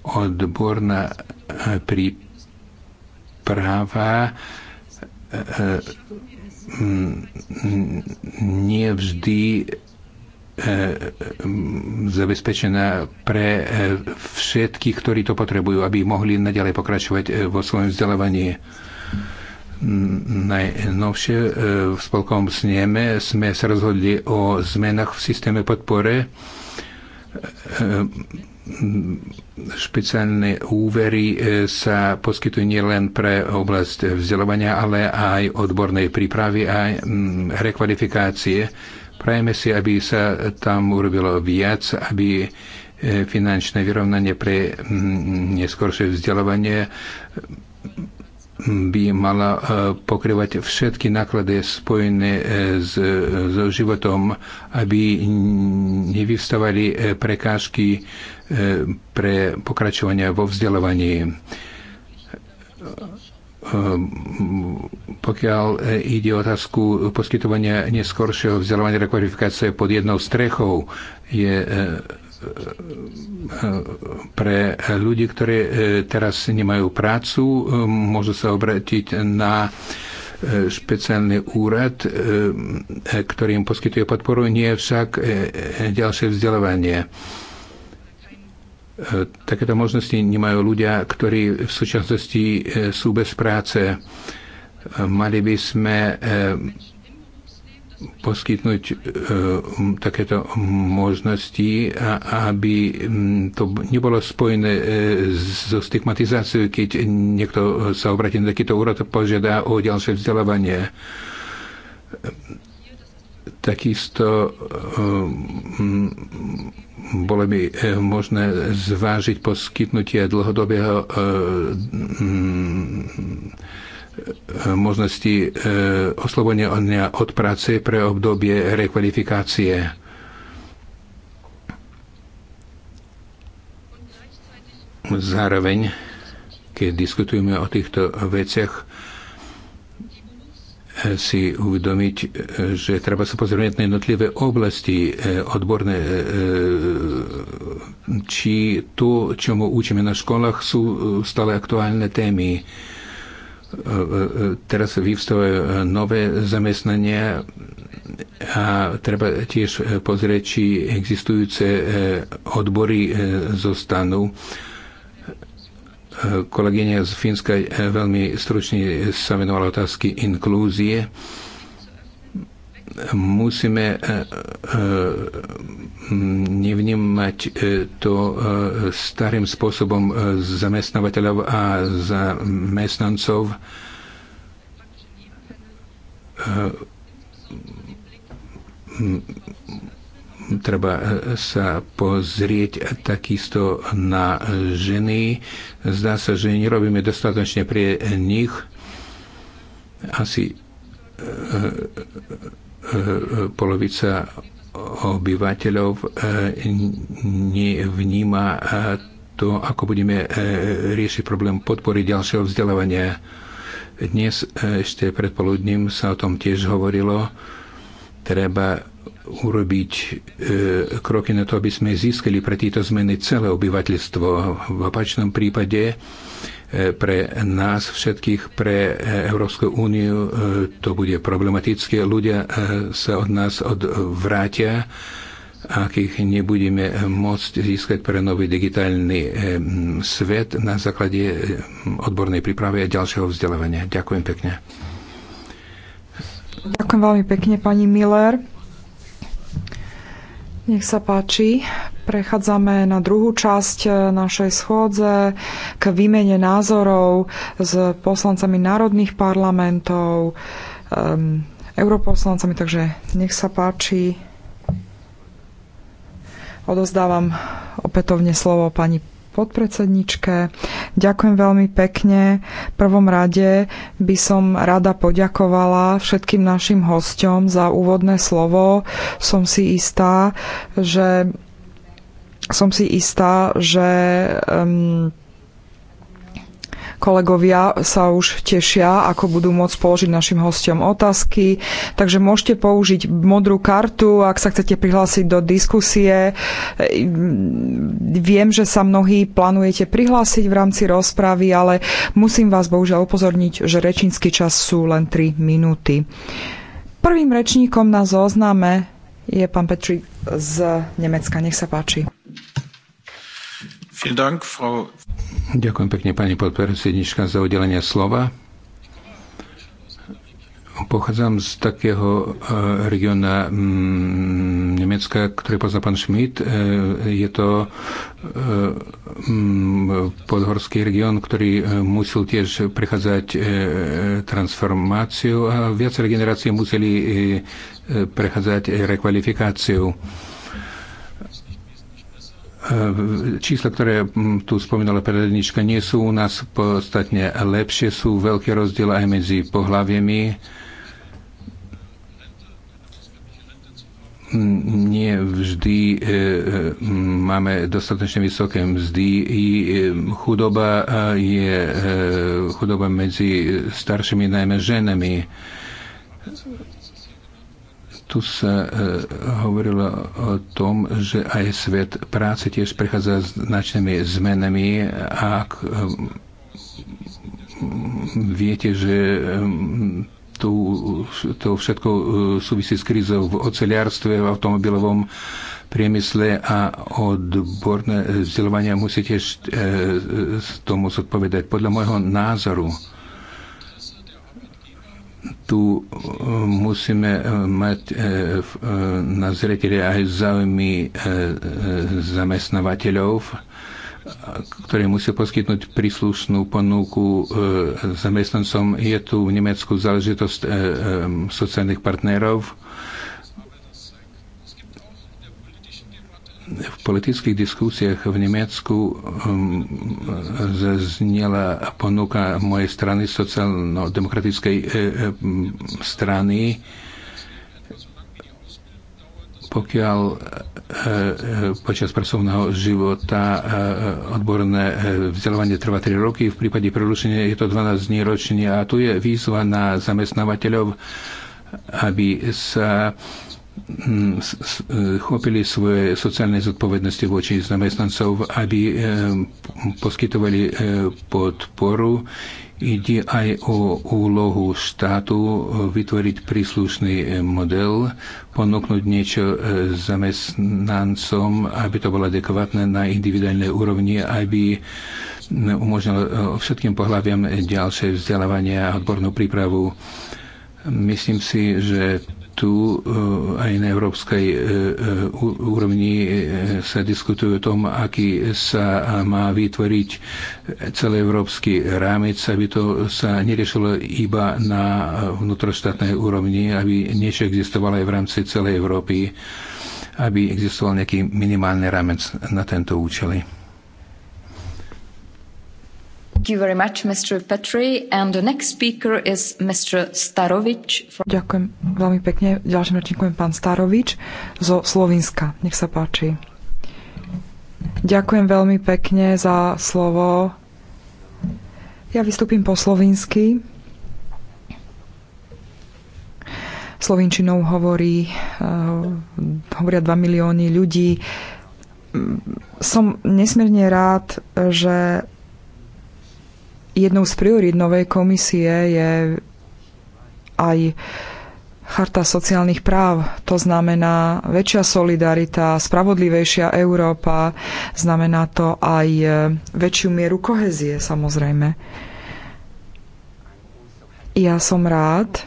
odborná eh, príprava eh, eh, mm, nie vždy E, e, zabezpečená pre e, všetkých, ktorí to potrebujú, aby mohli naďalej pokračovať vo svojom vzdelávaní. Najnovšie v spolkovom sneme sme sa rozhodli o zmenách v systéme podpore špeciálne úvery sa poskytujú nielen pre oblasť vzdelávania, ale aj odbornej prípravy a rekvalifikácie Prajeme si, aby sa tam urobilo viac, aby e, finančné vyrovnanie pre mm, neskôršie vzdelávanie by mala e, pokrývať všetky náklady spojené e, s, s životom, aby nevyvstávali prekážky pre pokračovanie vo vzdelávaní Ehm, pokiaľ e, ide o otázku poskytovania neskoršieho vzdelávania rekvalifikácie pod jednou strechou, je e, e, pre ľudí, ktorí teraz nemajú prácu, môžu sa obrátiť na špeciálny úrad, ktorý im poskytuje podporu, nie však ďalšie vzdelávanie E, takéto možnosti nemajú ľudia, ktorí v súčasnosti e, sú bez práce. E, mali by sme poskytnúť takéto možnosti, aby to nebolo spojené so stigmatizáciou, keď niekto sa obratí na takýto úrad a požiada o ďalšie vzdelávanie. Takisto bolo by eh, možné zvážiť poskytnutie dlhodobého eh, mm, eh, možnosti oslobodenia od práce pre obdobie rekvalifikácie. Zároveň, keď diskutujeme o týchto veciach, si uvedomiť, e, že treba sa pozrieť na jednotlivé oblasti e, odborné, e, či to, čomu učíme na školách, sú stále aktuálne témy. Teraz vyvstávajú nové zamestnania a treba tiež pozrieť, či existujúce odbory zostanú Kolegyňa z Fínska eh, veľmi stručne eh, sa venovala otázky inklúzie. Musíme eh, nevnímať to starým spôsobom zamestnávateľov a zamestnancov treba e, sa pozrieť takisto na ženy. Zdá sa, že nerobíme dostatočne pre nich. Asi e, e, polovica obyvateľov nevníma to, ako budeme riešiť problém podpory ďalšieho vzdelávania. Dnes ešte predpoludním sa o tom tiež hovorilo. Treba urobiť e, kroky na to, aby sme získali pre tieto zmeny celé obyvateľstvo. V opačnom prípade e, pre nás všetkých, pre e, Európsku úniu e, to bude problematické. Ľudia e, sa od nás odvrátia ak ich nebudeme môcť získať pre nový digitálny e, svet na základe e, odbornej prípravy a ďalšieho vzdelávania. Ďakujem pekne. Ďakujem veľmi pekne, pani Miller. Nech sa páči. Prechádzame na druhú časť e, našej schôdze k výmene názorov s poslancami národných parlamentov, um, europoslancami, takže nech sa páči. Odozdávam opätovne slovo pani podpredsedničke. Ďakujem veľmi pekne. V prvom rade by som rada poďakovala všetkým našim hosťom za úvodné slovo. Som si istá, že som si istá, že um, Kolegovia sa už tešia, ako budú môcť položiť našim hostiom otázky. Takže môžete použiť modrú kartu, ak sa chcete prihlásiť do diskusie. Viem, že sa mnohí plánujete prihlásiť v rámci rozpravy, ale musím vás bohužiaľ upozorniť, že rečnícky čas sú len 3 minúty. Prvým rečníkom na zozname je pán Petri z Nemecka. Nech sa páči. Ďakujem pekne pani podpredsednička za udelenie slova. Pochádzam z takého eh, regióna mm, Nemecka, ktorý pozná pán Schmidt. Eh, je to eh, mm, podhorský región, ktorý musel tiež prechádzať transformáciu a viaceré generácie museli prechádzať rekvalifikáciu. Ehm, čísla, ktoré mm, tu spomínala predrednička, nie sú u nás podstatne lepšie, sú veľké rozdiely aj medzi pohľaviami. nie vždy e, máme dostatočne vysoké mzdy. I ehm, chudoba je e, chudoba medzi staršími, najmä ženami tu sa e, hovorilo o tom, že aj svet práce tiež prechádza značnými zmenami a ak e, viete, že e, to, to všetko e, súvisí s krízou v oceliarstve, v automobilovom priemysle a odborné vzdelovania musíte e, tomu zodpovedať. Podľa môjho názoru tu eh, musíme eh, mať eh, na zreteli aj záujmy zamestnávateľov, ktorí musí poskytnúť príslušnú ponuku zamestnancom. Je tu v Nemecku záležitosť sociálnych partnerov, v politických diskusiách v Nemecku um, zaznela ponuka mojej strany, sociálno-demokratickej e, e, strany, pokiaľ e, počas pracovného života odborné vzdelávanie trvá 3 roky, v prípade prerušenia je to 12 dní ročne a tu je výzva na zamestnávateľov, aby sa Hm, e, chopili svoje sociálne zodpovednosti voči zamestnancov, aby e, poskytovali e, podporu. Ide aj o úlohu štátu vytvoriť príslušný model, ponúknuť niečo zamestnancom, aby to bolo adekvátne na individuálnej úrovni, aby umožnilo všetkým pohľaviam ďalšie vzdelávanie a odbornú prípravu. Myslím si, že tu eh, aj na európskej eh, eh, úrovni sa diskutuje o tom, aký sa má vytvoriť celý európsky rámec, aby to sa neriešilo iba na vnútroštátnej úrovni, aby niečo existovalo aj v rámci celej Európy, aby existoval nejaký minimálny rámec na tento účely. Ďakujem veľmi pekne. Ďalším ročníkom je pán Starovič zo Slovenska. Nech sa páči. Ďakujem veľmi pekne za slovo. Ja vystúpim po slovinsky. Slovinčinou hovorí, uh, hovoria 2 milióny ľudí. Mm, som nesmierne rád, že jednou z priorít novej komisie je aj charta sociálnych práv. To znamená väčšia solidarita, spravodlivejšia Európa, znamená to aj e, väčšiu mieru kohezie samozrejme. Ja som rád,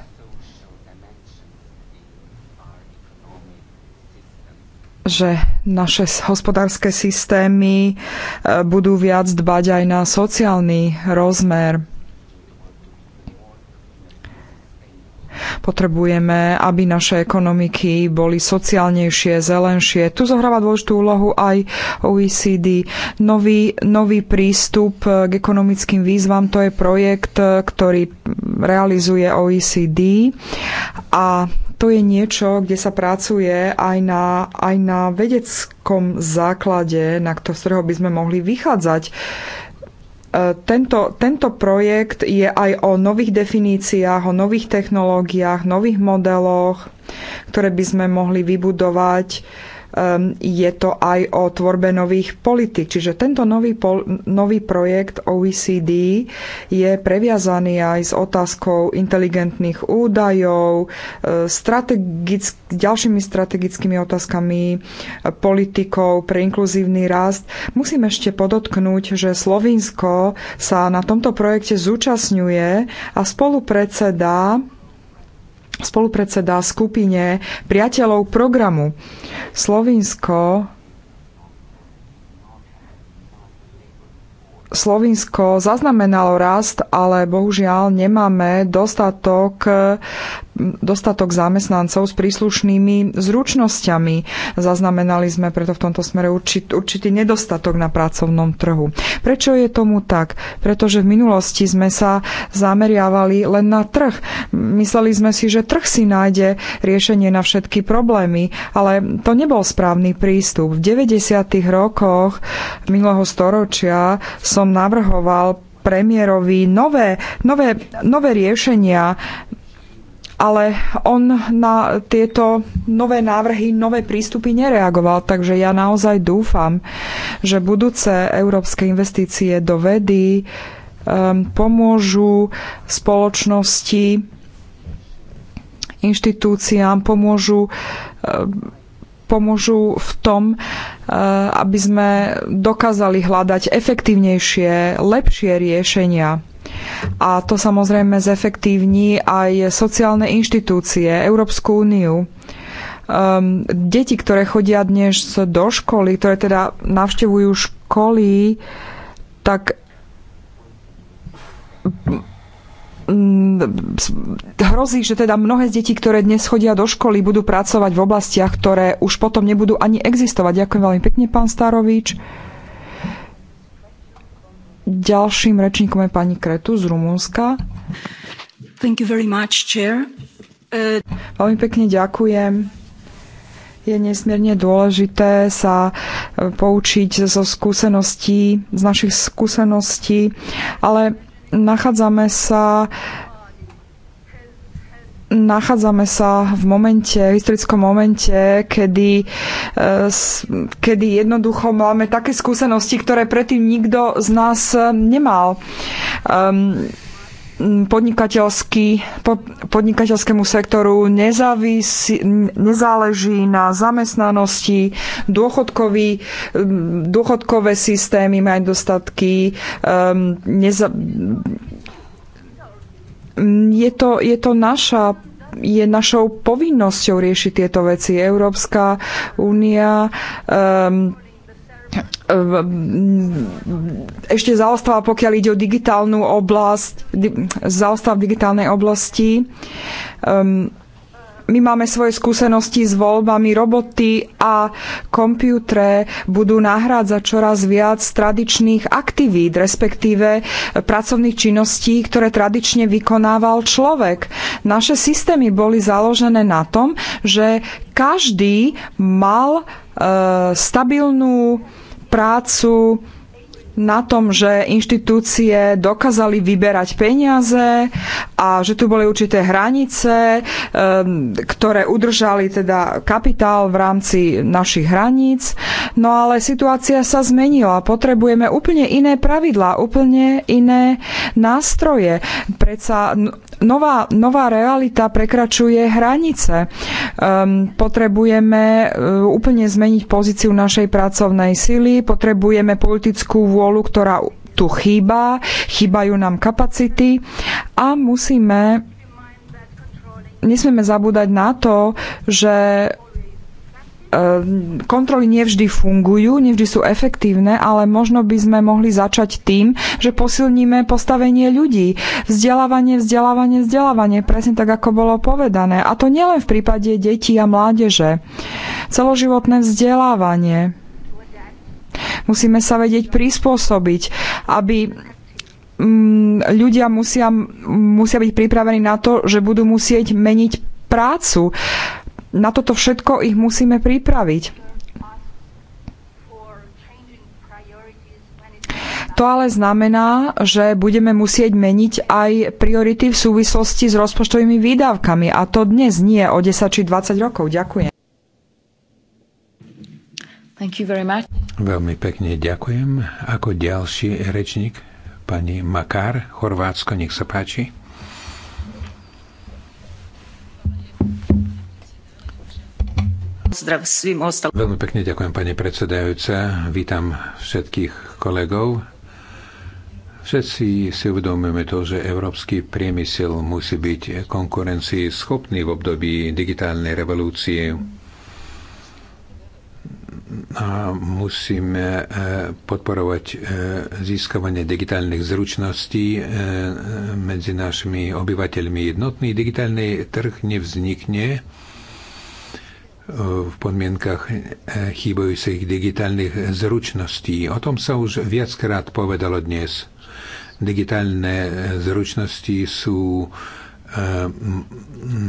že naše hospodárske systémy e, budú viac dbať aj na sociálny rozmer Potrebujeme, aby naše ekonomiky boli sociálnejšie, zelenšie. Tu zohráva dôležitú úlohu aj OECD. Nový, nový prístup k ekonomickým výzvam, to je projekt, ktorý realizuje OECD a to je niečo, kde sa pracuje aj na, aj na vedeckom základe, na ktorého by sme mohli vychádzať E, tento, tento projekt je aj o nových definíciách, o nových technológiách, nových modeloch, ktoré by sme mohli vybudovať Ehm, je to aj o tvorbe nových politik. Čiže tento nový, pol, nový projekt OECD je previazaný aj s otázkou inteligentných údajov, eh, strategick, ďalšími strategickými otázkami eh, politikov pre inkluzívny rast. Musím ešte podotknúť, že Slovinsko sa na tomto projekte zúčastňuje a spolupredseda spolupredseda skupine priateľov programu. Slovinsko Slovinsko zaznamenalo rast, ale bohužiaľ nemáme dostatok dostatok zamestnancov s príslušnými zručnosťami. Zaznamenali sme preto v tomto smere určit, určitý nedostatok na pracovnom trhu. Prečo je tomu tak? Pretože v minulosti sme sa zameriavali len na trh. Mysleli sme si, že trh si nájde riešenie na všetky problémy, ale to nebol správny prístup. V 90. rokoch minulého storočia som navrhoval premiérovi nové, nové, nové riešenia ale on na tieto nové návrhy, nové prístupy nereagoval. Takže ja naozaj dúfam, že budúce európske investície do vedy um, pomôžu spoločnosti, inštitúciám, pomôžu um, pomôžu v tom, e, aby sme dokázali hľadať efektívnejšie, lepšie riešenia. A to samozrejme zefektívni aj sociálne inštitúcie, Európsku úniu. Um, deti, ktoré chodia dnes do školy, ktoré teda navštevujú školy, tak Mm, hrozí, že teda mnohé z detí, ktoré dnes chodia do školy, budú pracovať v oblastiach, ktoré už potom nebudú ani existovať. Ďakujem veľmi pekne, pán Starovič. Ďalším rečníkom je pani Kretu z Rumunska. Thank you very much, chair. Uh... Veľmi pekne ďakujem. Je nesmierne dôležité sa uh, poučiť zo skúseností, z našich skúseností, ale nachádzame sa nachádzame sa v momente, v historickom momente, kedy, e, kedy jednoducho máme také skúsenosti, ktoré predtým nikto z nás e, nemal. Um, podnikateľskému sektoru nezávisí, nezáleží na zamestnanosti, dôchodkový, dôchodkové systémy majú dostatky, um, neza, je, to, je to naša je našou povinnosťou riešiť tieto veci. Európska únia um, Ehm, ešte zaostáva, pokiaľ ide o digitálnu oblasť, zaostáva v digitálnej oblasti. Um, my máme svoje skúsenosti s voľbami, roboty a kompútre budú nahrádzať čoraz viac tradičných aktivít, respektíve e, pracovných činností, ktoré tradične vykonával človek. Naše systémy boli založené na tom, že každý mal e, stabilnú prácu na tom, že inštitúcie dokázali vyberať peniaze a že tu boli určité hranice, ehm, ktoré udržali teda kapitál v rámci našich hraníc. No ale situácia sa zmenila. Potrebujeme úplne iné pravidlá, úplne iné nástroje. Predsa nová, nová realita prekračuje hranice. Um, potrebujeme uh, úplne zmeniť pozíciu našej pracovnej sily, potrebujeme politickú vôľu, ktorá tu chýba, chýbajú nám kapacity a musíme nesmieme zabúdať na to, že Ehm, kontroly nevždy fungujú, nevždy sú efektívne, ale možno by sme mohli začať tým, že posilníme postavenie ľudí. Vzdelávanie, vzdelávanie, vzdelávanie, presne tak, ako bolo povedané. A to nielen v prípade detí a mládeže. Celoživotné vzdelávanie. Musíme sa vedieť prispôsobiť, aby mm, ľudia musia, musia byť pripravení na to, že budú musieť meniť prácu na toto všetko ich musíme pripraviť. To ale znamená, že budeme musieť meniť aj priority v súvislosti s rozpočtovými výdavkami. A to dnes nie o 10 či 20 rokov. Ďakujem. Thank you very much. Veľmi pekne ďakujem. Ako ďalší rečník, pani Makár, Chorvátsko, nech sa páči. pozdrav svým ostalým. Veľmi pekne ďakujem, pani predsedajúca. Vítam všetkých kolegov. Všetci si uvedomujeme to, že európsky priemysel musí byť konkurencii schopný v období digitálnej revolúcie a musíme e, podporovať e, získavanie digitálnych zručností e, medzi našimi obyvateľmi. Jednotný digitálny trh nevznikne, v podmienkach e, chýbajúcich digitálnych zručností. O tom sa už viackrát povedalo dnes. Digitálne e, zručnosti sú e,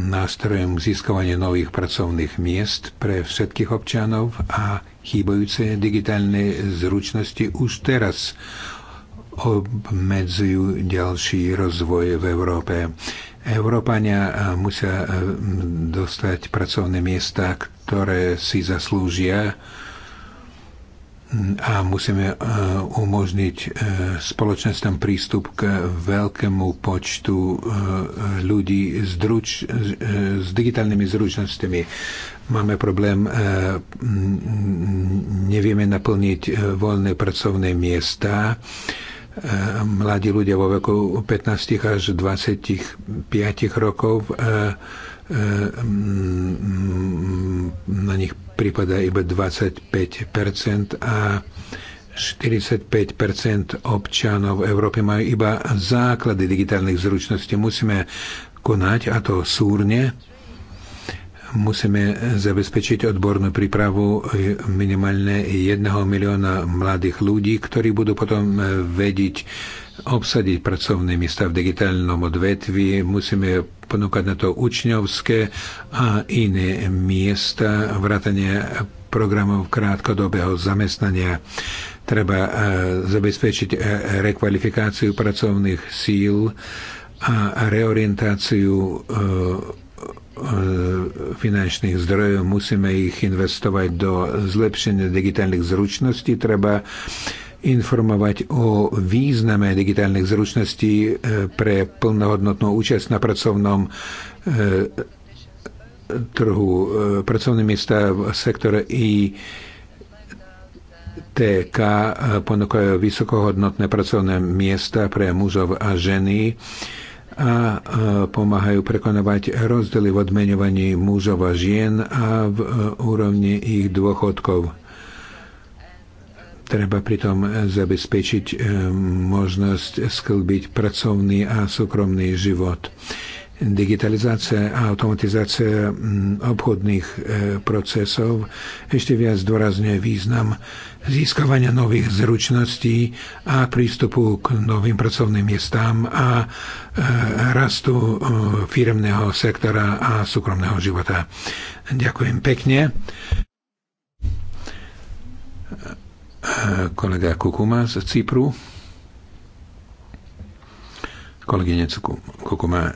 nástrojom k získavaniu nových pracovných miest pre všetkých občanov a chýbajúce digitálne zručnosti už teraz obmedzujú ďalší rozvoj v Európe. Európania eh, musia eh, dostať pracovné miesta, ktoré si zaslúžia mm, a musíme eh, umožniť spoločenstvom prístup k veľkému počtu ľudí s, druč, s digitálnymi zručnosťami. Máme problém, mm, mm, nevieme naplniť voľné pracovné miesta mladí ľudia vo veku 15 až 25 rokov e, e, na nich prípada iba 25 a 45 občanov Európy majú iba základy digitálnych zručností. Musíme konať, a to súrne, musíme zabezpečiť odbornú prípravu minimálne jedného milióna mladých ľudí, ktorí budú potom e, vedieť obsadiť pracovné miesta v digitálnom odvetvi. Musíme ponúkať na to učňovské a iné miesta, vrátanie programov krátkodobého zamestnania. Treba e, zabezpečiť e, rekvalifikáciu pracovných síl a reorientáciu E, finančných zdrojov, musíme ich investovať do zlepšenia digitálnych zručností, treba informovať o význame digitálnych zručností e, pre plnohodnotnú účasť na pracovnom e, trhu, pracovné miesta v sektore i TK ponúkajú vysokohodnotné pracovné miesta pre mužov a ženy a pomáhajú prekonávať rozdiely v odmeňovaní mužov a žien a v e, úrovni ich dôchodkov. Treba pritom zabezpečiť e, možnosť sklbiť pracovný a súkromný život digitalizácia a automatizácia mm, obchodných e, procesov ešte viac dôrazňuje význam získavania nových zručností a prístupu k novým pracovným miestám a e, rastu e, firmného sektora a súkromného života. Ďakujem pekne. Kolega Kukuma z Cypru. Kolegyne Kukuma,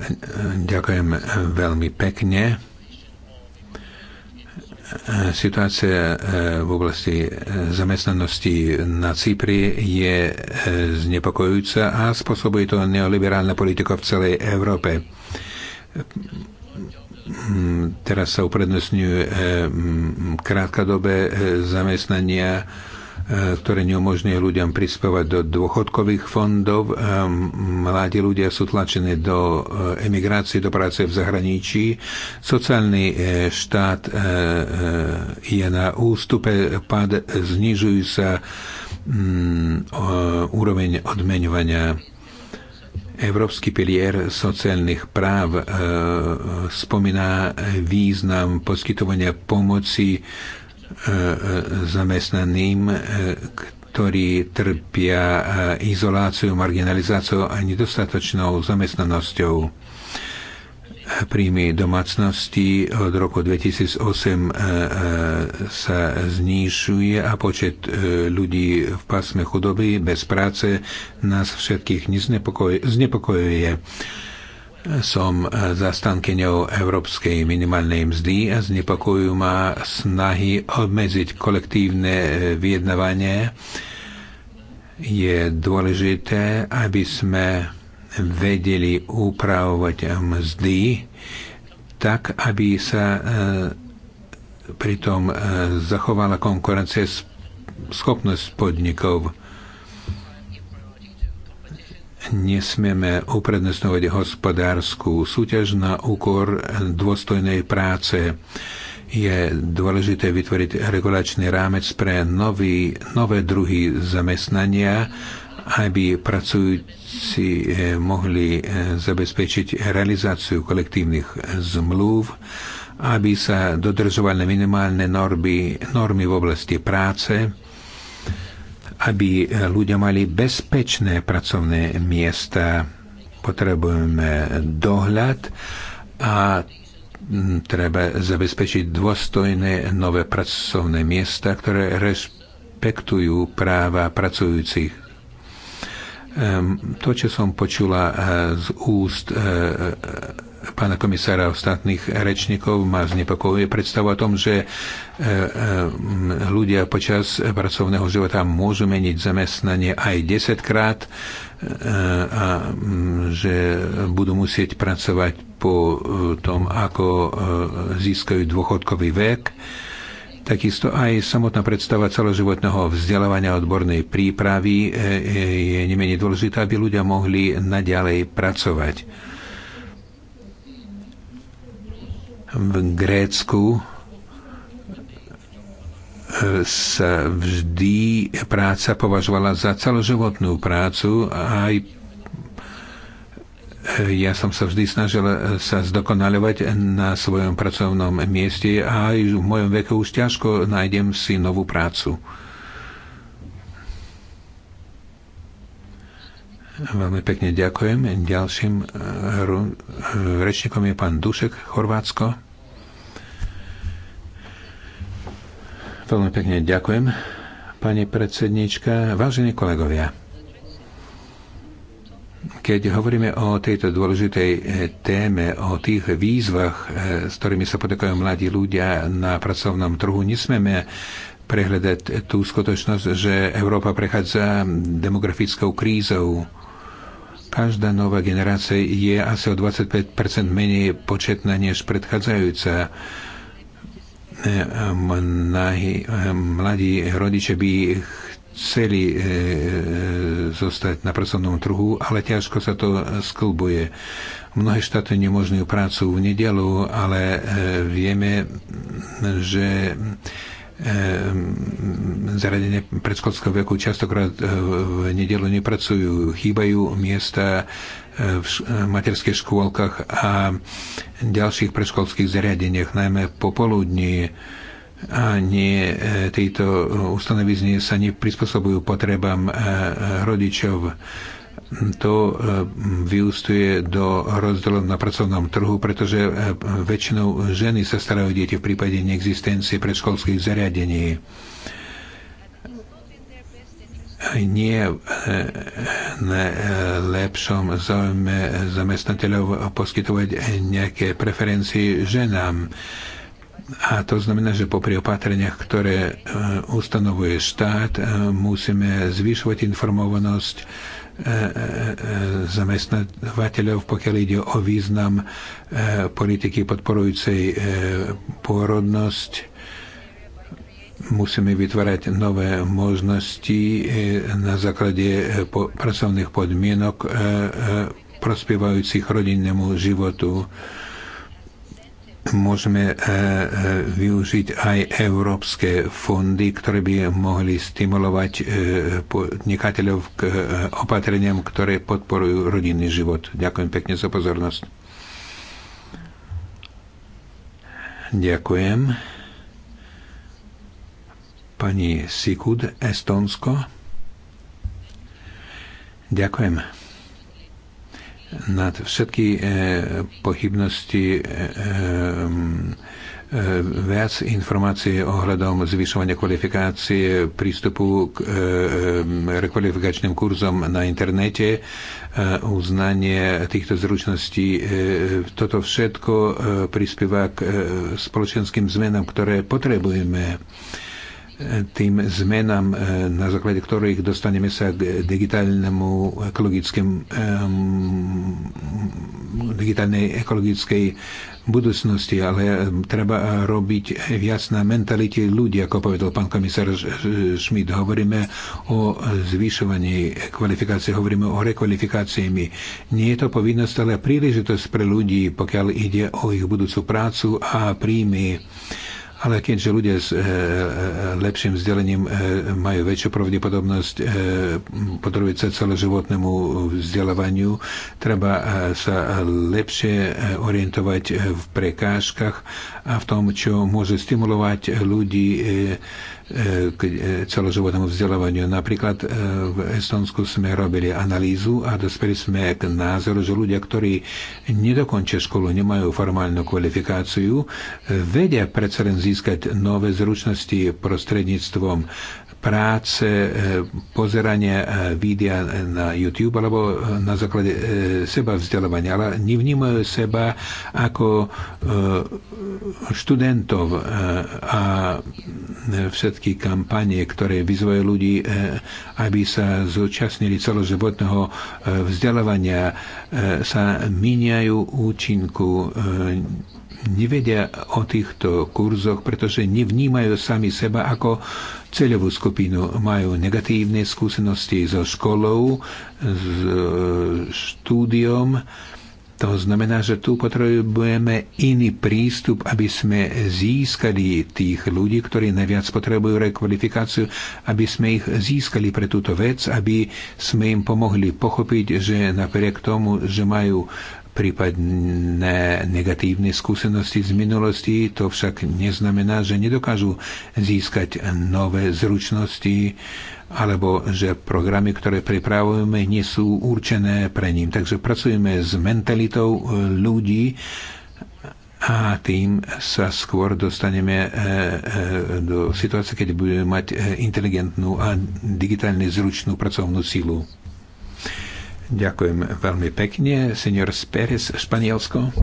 ďakujem veľmi pekne. Situácia eh, v oblasti eh, zamestnanosti na Cypri je eh, znepokojujúca a spôsobuje to neoliberálna politika v celej Európe. Mm, teraz sa uprednostňujú krátkodobé zamestnania ktoré neumožňuje ľuďom prispievať do dôchodkových fondov. Mladí ľudia sú tlačení do eh, emigrácie, do práce v zahraničí. Sociálny eh, štát eh, je na ústupe, pad, znižujú sa mm, úroveň odmeňovania Európsky pilier sociálnych práv e, spomína význam poskytovania pomoci zamestnaným, e, ktorí trpia e, izoláciou, marginalizáciou a nedostatočnou zamestnanosťou. Príjmy domácnosti od roku 2008 e, sa znižuje a počet ľudí v pásme chudoby bez práce nás všetkých znepokojuje. Som e, zastankyňou európskej minimálnej mzdy a znepokojujú ma snahy obmedziť kolektívne e, vyjednávanie. Je dôležité, aby sme vedeli upravovať mzdy tak, aby sa e, pritom zachovala konkurencia schopnosť podnikov nesmieme uprednostňovať hospodárskú súťaž na úkor dôstojnej práce. Je dôležité vytvoriť regulačný rámec pre nový, nové druhy zamestnania, aby pracujúci eh, mohli eh, zabezpečiť realizáciu kolektívnych zmluv, aby sa dodržovali minimálne normy, normy v oblasti práce, aby ľudia mali bezpečné pracovné miesta. Potrebujeme dohľad a mm, treba zabezpečiť dôstojné nové pracovné miesta, ktoré respektujú práva pracujúcich. To, čo som počula eh, z úst eh, pána komisára a ostatných rečníkov ma znepokojuje predstavu o tom, že e, e, ľudia počas pracovného života môžu meniť zamestnanie aj 10 krát e, a mm, že budú musieť pracovať po tom, ako získajú dôchodkový vek. Takisto aj samotná predstava celoživotného vzdelávania odbornej prípravy je nemenej dôležitá, aby ľudia mohli naďalej pracovať v Grécku e, sa vždy práca považovala za celoživotnú prácu a aj e, ja som sa vždy snažil e, sa zdokonalovať na svojom pracovnom mieste a aj v mojom veku už ťažko nájdem si novú prácu. Veľmi pekne ďakujem. Ďalším e, e, rečníkom je pán Dušek, Chorvátsko. Veľmi pekne ďakujem, pani predsednička. Vážení kolegovia, keď hovoríme o tejto dôležitej e, téme, o tých výzvach, s ktorými sa potekajú mladí ľudia na pracovnom trhu, nesmieme prehľadať tú skutočnosť, že Európa prechádza demografickou krízou. Každá nová generácia je asi o 25 menej početná než predchádzajúca. Mnohí mladí rodiče by chceli e, e, zostať na pracovnom trhu, ale ťažko sa to sklbuje. Mnohé štáty nemožňujú prácu v nedelu, ale e, vieme, že Ehm, zariadenia predškolského veku častokrát e, v nedelu nepracujú, chýbajú miesta e, v e, materských škôlkach a ďalších predškolských zariadeniach, najmä popoludní a nie tejto ustanovizne sa neprispôsobujú potrebám rodičov to e, vyústuje do rozdielov na pracovnom trhu, pretože e, väčšinou ženy sa starajú deti v prípade neexistencie predškolských zariadení. Nie v e, lepšom záujme zamestnateľov poskytovať nejaké preferencie ženám a to znamená, že popri opatreniach, ktoré e, ustanovuje štát, e, musíme zvyšovať informovanosť e, zamestnávateľov, pokiaľ ide o význam politiky podporujúcej pôrodnosť. Musíme vytvárať nové možnosti na základe pracovných podmienok prospievajúcich rodinnému životu môžeme e, e, využiť aj európske fondy, ktoré by mohli stimulovať e, podnikateľov k opatreniam, ktoré podporujú rodinný život. Ďakujem pekne za pozornosť. Ďakujem. Pani Sikud, Estonsko. Ďakujem nad všetky e, pochybnosti e, e, viac informácie ohľadom zvyšovania kvalifikácie, prístupu k rekvalifikačným kurzom na internete, uznanie týchto zručností. Toto všetko prispieva k spoločenským zmenám, ktoré potrebujeme tým zmenám, e, na základe ktorých dostaneme sa k digitálnemu ekologickému e, digitálnej ekologickej budúcnosti, ale treba robiť viac na mentalite ľudí, ako povedal pán komisár Schmidt. Hovoríme o zvyšovaní kvalifikácie, hovoríme o rekvalifikáciami. Nie je to povinnosť, ale príležitosť pre ľudí, pokiaľ ide o ich budúcu prácu a príjmy ale keďže ľudia s e, e, lepším vzdelením e, majú väčšiu pravdepodobnosť e, podrobiť sa celoživotnému vzdelávaniu, treba e, sa lepšie e, orientovať v prekážkach a v tom, čo môže stimulovať ľudí e, E, k e, celoživotnému vzdelávaniu. Napríklad e, v Estonsku sme robili analýzu a dospeli sme k názoru, že ľudia, ktorí nedokončia školu, nemajú formálnu kvalifikáciu, vedia predsa len získať nové zručnosti prostredníctvom práce, pozerania videa na YouTube alebo na základe seba vzdelávania, ale nevnímajú seba ako študentov a všetky všetky kampanie, ktoré vyzvoje ľudí, eh, aby sa zúčastnili celoživotného eh, vzdelávania, eh, sa míňajú účinku nevedia o týchto kurzoch, pretože nevnímajú sami seba ako celovú skupinu. Majú negatívne skúsenosti so školou, s štúdiom, to znamená, že tu potrebujeme iný prístup, aby sme získali tých ľudí, ktorí najviac potrebujú rekvalifikáciu, aby sme ich získali pre túto vec, aby sme im pomohli pochopiť, že napriek tomu, že majú Prípadne negatívne skúsenosti z minulosti, to však neznamená, že nedokážu získať nové zručnosti alebo že programy, ktoré pripravujeme, nie sú určené pre ním. Takže pracujeme s mentalitou ľudí, a tým sa skôr dostaneme e, e, do situácie, keď budeme mať e, inteligentnú a digitálne zručnú pracovnú silu. Ďakujem veľmi pekne. Senior Pérez, Španielsko.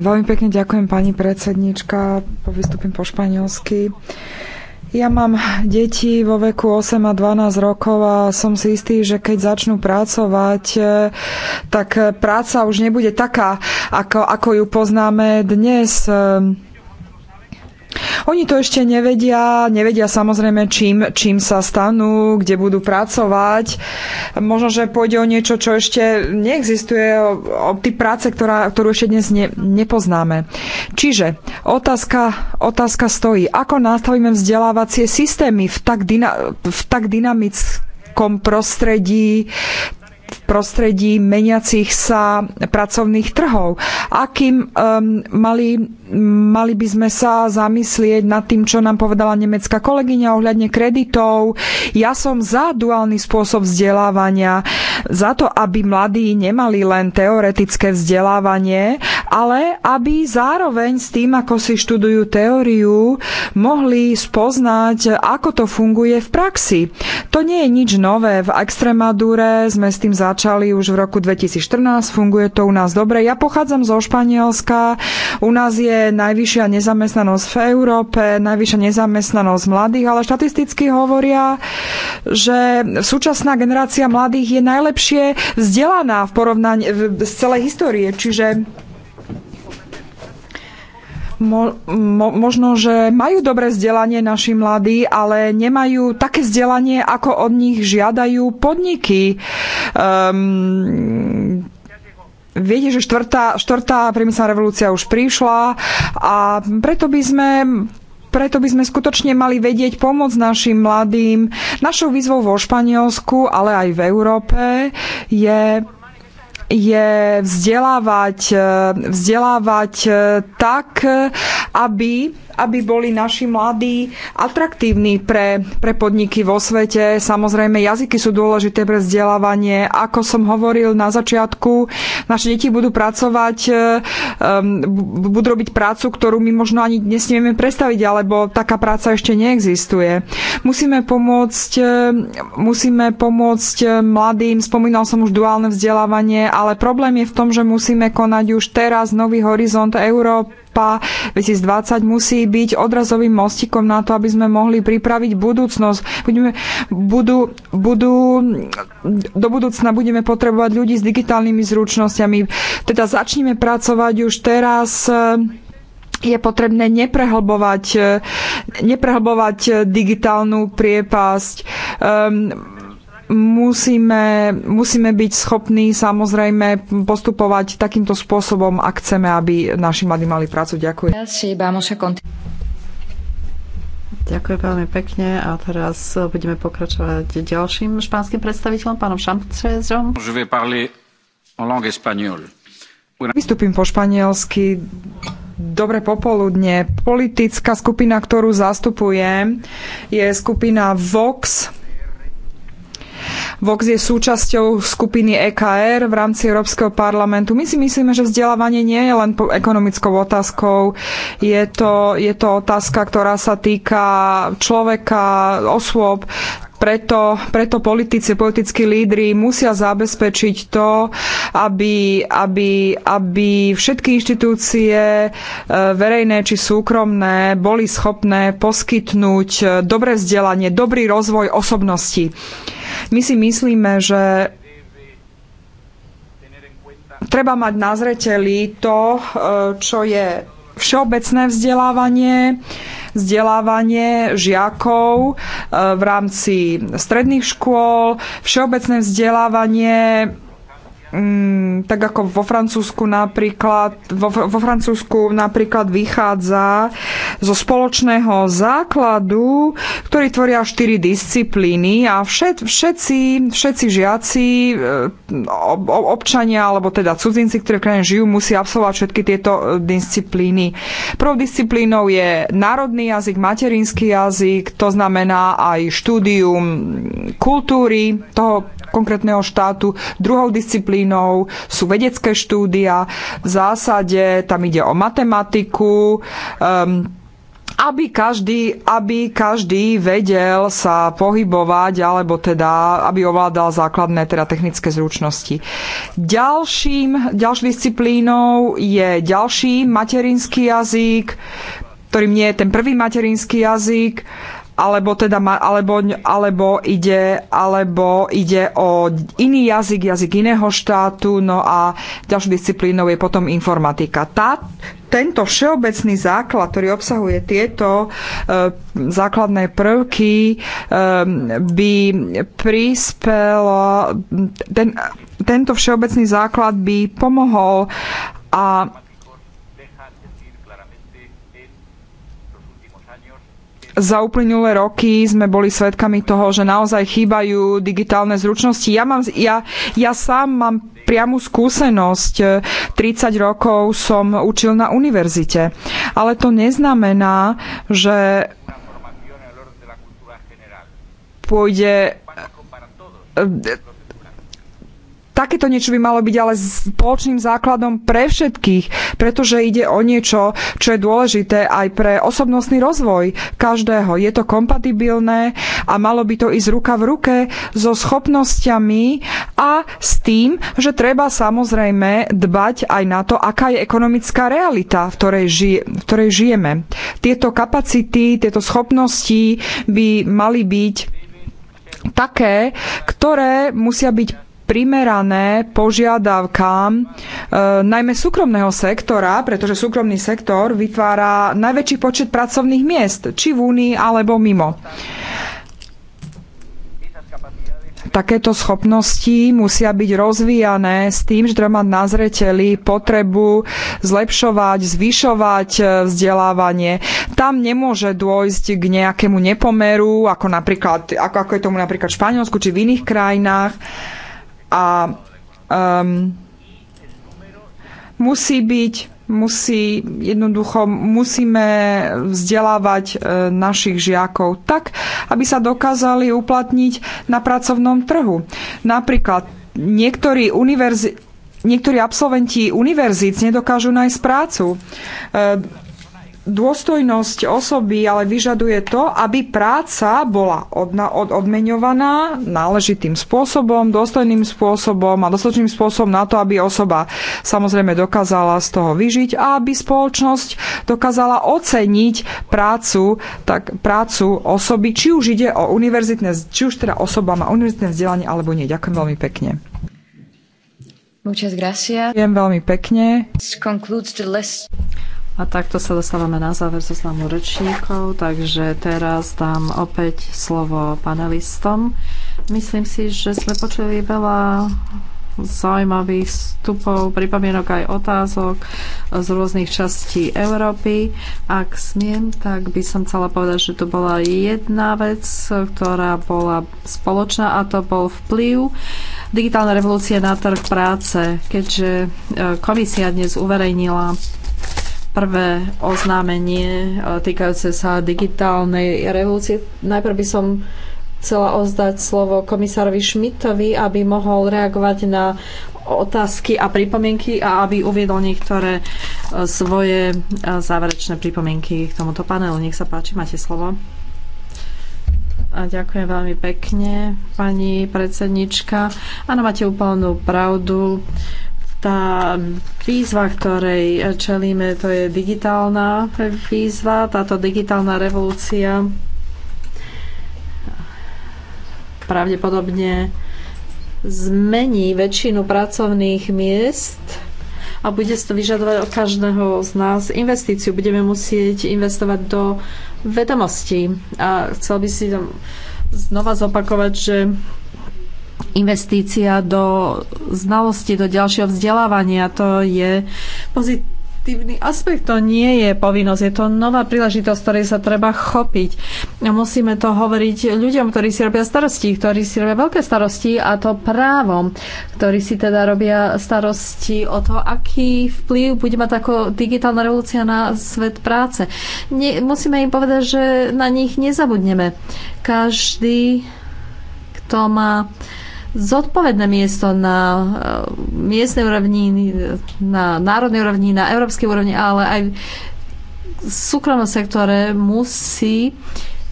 veľmi pekne ďakujem pani predsednička, vystúpim po španielsky. Ja mám deti vo veku 8 a 12 rokov a som si istý, že keď začnú pracovať, e, tak práca už nebude taká, ako, ako ju poznáme dnes. E, oni to ešte nevedia, nevedia samozrejme, čím, čím sa stanú, kde budú pracovať. Možno, že pôjde o niečo, čo ešte neexistuje, o, o práce, ktorá, ktorú ešte dnes ne, nepoznáme. Čiže otázka, otázka stojí, ako nastavíme vzdelávacie systémy v tak, dyna, v tak dynamickom prostredí, prostredí meniacich sa pracovných trhov. Akým um, mali, mali by sme sa zamyslieť nad tým, čo nám povedala nemecká kolegyňa ohľadne kreditov. Ja som za duálny spôsob vzdelávania, za to, aby mladí nemali len teoretické vzdelávanie, ale aby zároveň s tým, ako si študujú teóriu, mohli spoznať, ako to funguje v praxi. To nie je nič nové. V Extremadure sme s tým za začali už v roku 2014, funguje to u nás dobre. Ja pochádzam zo Španielska, u nás je najvyššia nezamestnanosť v Európe, najvyššia nezamestnanosť mladých, ale štatisticky hovoria, že súčasná generácia mladých je najlepšie vzdelaná v porovnaní z celej histórie, čiže Mo, mo, možno, že majú dobré vzdelanie naši mladí, ale nemajú také vzdelanie, ako od nich žiadajú podniky. Um, viete, že štvrtá, štvrtá priemyselná revolúcia už prišla a preto by sme preto by sme skutočne mali vedieť pomôcť našim mladým. Našou výzvou vo Španielsku, ale aj v Európe je je vzdelávať, e, vzdelávať e, tak, aby, aby boli naši mladí atraktívni pre, pre podniky vo svete. Samozrejme, jazyky sú dôležité pre vzdelávanie. Ako som hovoril na začiatku, naše deti budú pracovať, e, budú robiť prácu, ktorú my možno ani dnes nevieme predstaviť, alebo taká práca ešte neexistuje. Musíme pomôcť, musíme pomôcť mladým, spomínal som už duálne vzdelávanie, ale problém je v tom, že musíme konať už teraz nový horizont Európa 2020 musí byť odrazovým mostikom na to, aby sme mohli pripraviť budúcnosť. Budeme, budú, budú, do budúcna budeme potrebovať ľudí s digitálnymi zručnosťami. Teda začnime pracovať už teraz je potrebné neprehlbovať, neprehlbovať digitálnu priepasť. Um, musíme, musíme byť schopní samozrejme postupovať takýmto spôsobom, ak chceme, aby naši mladí mali prácu. Ďakujem. Ďakujem veľmi pekne a teraz budeme pokračovať ďalším španským predstaviteľom, pánom Šantrezom. Vystupím po španielsky. Dobre popoludne. Politická skupina, ktorú zastupujem, je skupina Vox, Vox je súčasťou skupiny EKR v rámci Európskeho parlamentu. My si myslíme, že vzdelávanie nie je len ekonomickou otázkou. Je to, je to otázka, ktorá sa týka človeka, osôb, preto, preto politici, politickí lídry musia zabezpečiť to, aby, aby, aby všetky inštitúcie e, verejné či súkromné boli schopné poskytnúť e, dobré vzdelanie, dobrý rozvoj osobnosti. My si myslíme, že treba mať na zreteli to, eh, čo je všeobecné vzdelávanie, vzdelávanie žiakov eh, v rámci stredných škôl, všeobecné vzdelávanie Mm, tak ako vo Francúzsku napríklad, vo, vo Francúzsku napríklad vychádza zo spoločného základu, ktorý tvoria štyri disciplíny a všet, všetci, všetci žiaci, eh, ob, občania alebo teda cudzinci, ktorí v krajine žijú, musí absolvovať všetky tieto eh, disciplíny. Prvou disciplínou je národný jazyk, materinský jazyk, to znamená aj štúdium kultúry toho konkrétneho štátu. Druhou disciplínou sú vedecké štúdia. V zásade tam ide o matematiku, um, aby každý, aby každý vedel sa pohybovať, alebo teda, aby ovládal základné teda technické zručnosti. Ďalším, ďalšou disciplínou je ďalší materinský jazyk, ktorým nie je ten prvý materinský jazyk alebo, teda, alebo, alebo, ide, alebo ide o iný jazyk, jazyk iného štátu, no a ďalšou disciplínou je potom informatika. Tá, tento všeobecný základ, ktorý obsahuje tieto e, základné prvky, e, by prispel, ten, tento všeobecný základ by pomohol a za uplynulé roky sme boli svedkami toho, že naozaj chýbajú digitálne zručnosti. Ja, mám, ja, ja sám mám priamu skúsenosť. 30 rokov som učil na univerzite. Ale to neznamená, že pôjde Takéto niečo by malo byť ale spoločným základom pre všetkých, pretože ide o niečo, čo je dôležité aj pre osobnostný rozvoj každého. Je to kompatibilné a malo by to ísť ruka v ruke so schopnosťami a s tým, že treba samozrejme dbať aj na to, aká je ekonomická realita, v ktorej, žije, v ktorej žijeme. Tieto kapacity, tieto schopnosti by mali byť také, ktoré musia byť primerané požiadavkám e, najmä súkromného sektora, pretože súkromný sektor vytvára najväčší počet pracovných miest, či v Únii alebo mimo. Takéto schopnosti musia byť rozvíjané s tým, že treba mať na zreteli potrebu zlepšovať, zvyšovať e, vzdelávanie. Tam nemôže dôjsť k nejakému nepomeru, ako, napríklad, ako, ako je tomu napríklad v Španielsku či v iných krajinách. Uh, a um, musí byť musí, jednoducho musíme vzdelávať e, našich žiakov tak, aby sa dokázali uplatniť na pracovnom trhu. Napríklad niektorí univerzi- Niektorí absolventi univerzít nedokážu nájsť prácu. E, dôstojnosť osoby ale vyžaduje to, aby práca bola odna, od, odmeňovaná náležitým spôsobom, dôstojným spôsobom a dostatočným spôsobom na to, aby osoba samozrejme dokázala z toho vyžiť a aby spoločnosť dokázala oceniť prácu, tak prácu osoby, či už ide o univerzitné, či už teda osoba má univerzitné vzdelanie alebo nie. Ďakujem veľmi pekne. Muchas gracias. Ďakujem veľmi pekne. A takto sa dostávame na záver zoznamu so rečníkov, takže teraz dám opäť slovo panelistom. Myslím si, že sme počuli veľa zaujímavých vstupov, pripomienok aj otázok z rôznych častí Európy. Ak smiem, tak by som chcela povedať, že tu bola jedna vec, ktorá bola spoločná a to bol vplyv digitálnej revolúcie na trh práce, keďže e, komisia dnes uverejnila prvé oznámenie e, týkajúce sa digitálnej revolúcie. Najprv by som chcela ozdať slovo komisárovi Šmitovi, aby mohol reagovať na otázky a pripomienky a aby uviedol niektoré e, svoje e, záverečné pripomienky k tomuto panelu. Nech sa páči, máte slovo. A ďakujem veľmi pekne, pani predsednička. Áno, máte úplnú pravdu. Uh, tá výzva, ktorej čelíme, to je digitálna výzva, táto digitálna revolúcia pravdepodobne zmení väčšinu pracovných miest a bude to vyžadovať od každého z nás investíciu. Budeme musieť investovať do vedomostí. A chcel by si tam znova zopakovať, že investícia do znalosti, do ďalšieho vzdelávania. To je pozitívny aspekt, to nie je povinnosť, je to nová príležitosť, ktorej sa treba chopiť. Musíme to hovoriť ľuďom, ktorí si robia starosti, ktorí si robia veľké starosti a to právom, ktorí si teda robia starosti o to, aký vplyv bude mať ako digitálna revolúcia na svet práce. Nie, musíme im povedať, že na nich nezabudneme. Každý kto má zodpovedné miesto na eh, miestnej úrovni, na národnej úrovni, na európskej úrovni, ale aj v súkromnom sektore musí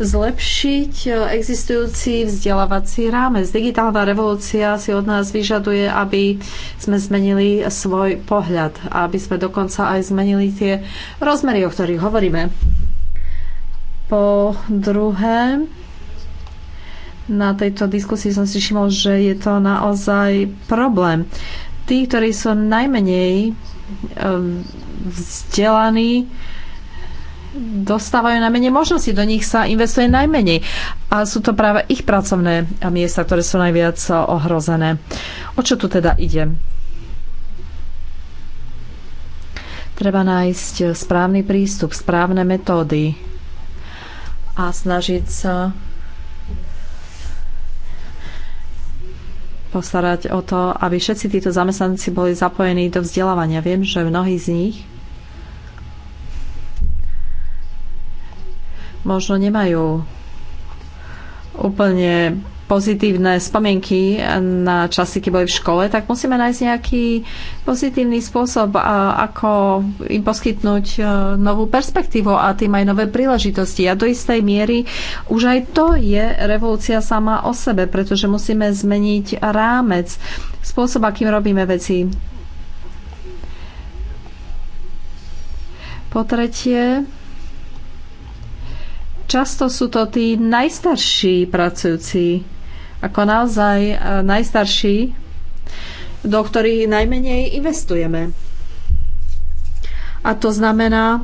zlepšiť eh, existujúci vzdelávací rámec. Digitálna revolúcia si od nás vyžaduje, aby sme zmenili svoj pohľad, aby sme dokonca aj zmenili tie rozmery, o ktorých hovoríme. Po druhé, na tejto diskusii som si všimol, že je to naozaj problém. Tí, ktorí sú najmenej e, vzdelaní, dostávajú najmenej možností, do nich sa investuje najmenej. A sú to práve ich pracovné miesta, ktoré sú najviac ohrozené. O čo tu teda ide? Treba nájsť správny prístup, správne metódy a snažiť sa postarať o to, aby všetci títo zamestnanci boli zapojení do vzdelávania. Viem, že mnohí z nich možno nemajú úplne pozitívne spomienky na časy, keď boli v škole, tak musíme nájsť nejaký pozitívny spôsob, ako im poskytnúť e, novú perspektívu a tým aj nové príležitosti. A do istej miery už aj to je revolúcia sama o sebe, pretože musíme zmeniť rámec, spôsob, akým robíme veci. Po tretie, často sú to tí najstarší pracujúci ako naozaj e, najstarší, do ktorých najmenej investujeme. A to znamená,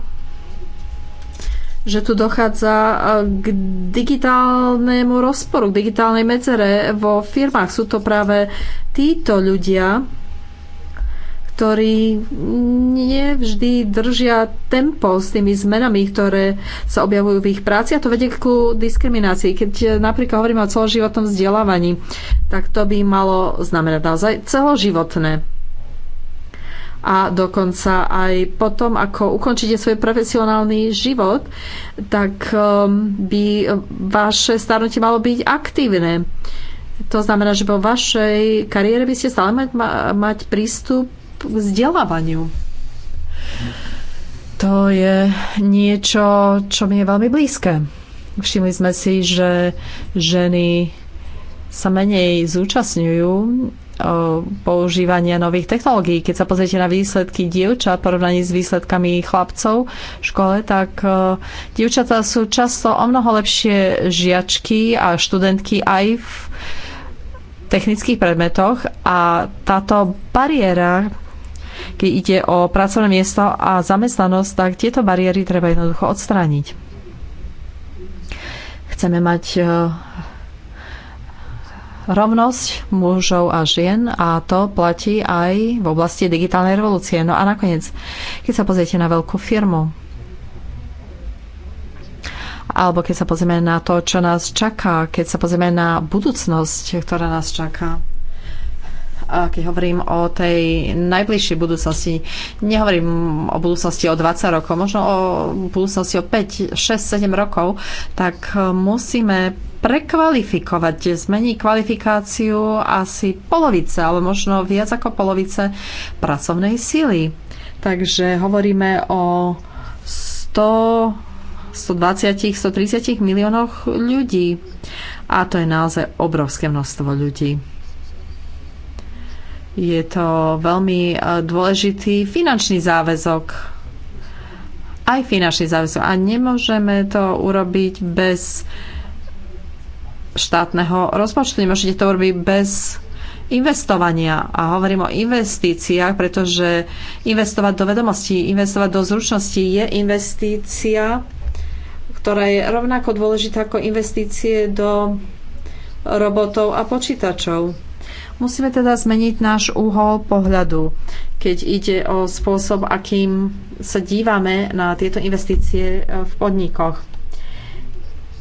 že tu dochádza e, k digitálnemu rozporu, k digitálnej medzere vo firmách. Sú to práve títo ľudia, ktorí nevždy držia tempo s tými zmenami, ktoré sa objavujú v ich práci a to vedie ku diskriminácii. Keď napríklad hovoríme o celoživotnom vzdelávaní, tak to by malo znamenať naozaj celoživotné. A dokonca aj potom, ako ukončíte svoj profesionálny život, tak um, by vaše starnutie malo byť aktívne. To znamená, že po vašej kariére by ste stále mať, mať prístup vzdelávaniu. To je niečo, čo mi je veľmi blízke. Všimli sme si, že ženy sa menej zúčastňujú používania nových technológií. Keď sa pozriete na výsledky dievčat v porovnaní s výsledkami chlapcov v škole, tak dievčatá sú často o mnoho lepšie žiačky a študentky aj v technických predmetoch a táto bariéra, keď ide o pracovné miesto a zamestnanosť, tak tieto bariéry treba jednoducho odstrániť. Chceme mať e, rovnosť mužov a žien a to platí aj v oblasti digitálnej revolúcie. No a nakoniec, keď sa pozriete na veľkú firmu, alebo keď sa pozrieme na to, čo nás čaká, keď sa pozrieme na budúcnosť, ktorá nás čaká keď hovorím o tej najbližšej budúcnosti, nehovorím o budúcnosti o 20 rokov, možno o budúcnosti o 5, 6, 7 rokov, tak e, musíme prekvalifikovať, zmení kvalifikáciu asi polovice, ale možno viac ako polovice pracovnej síly. Takže hovoríme o 100 120, 130 miliónoch ľudí. A to je naozaj obrovské množstvo ľudí. Je to veľmi e, dôležitý finančný záväzok aj finančný záväzok. A nemôžeme to urobiť bez štátneho rozpočtu. Nemôžete to urobiť bez investovania. A hovorím o investíciách, pretože investovať do vedomostí, investovať do zručnosti je investícia, ktorá je rovnako dôležitá ako investície do robotov a počítačov Musíme teda zmeniť náš úhol pohľadu, keď ide o spôsob, akým sa dívame na tieto investície eh, v podnikoch.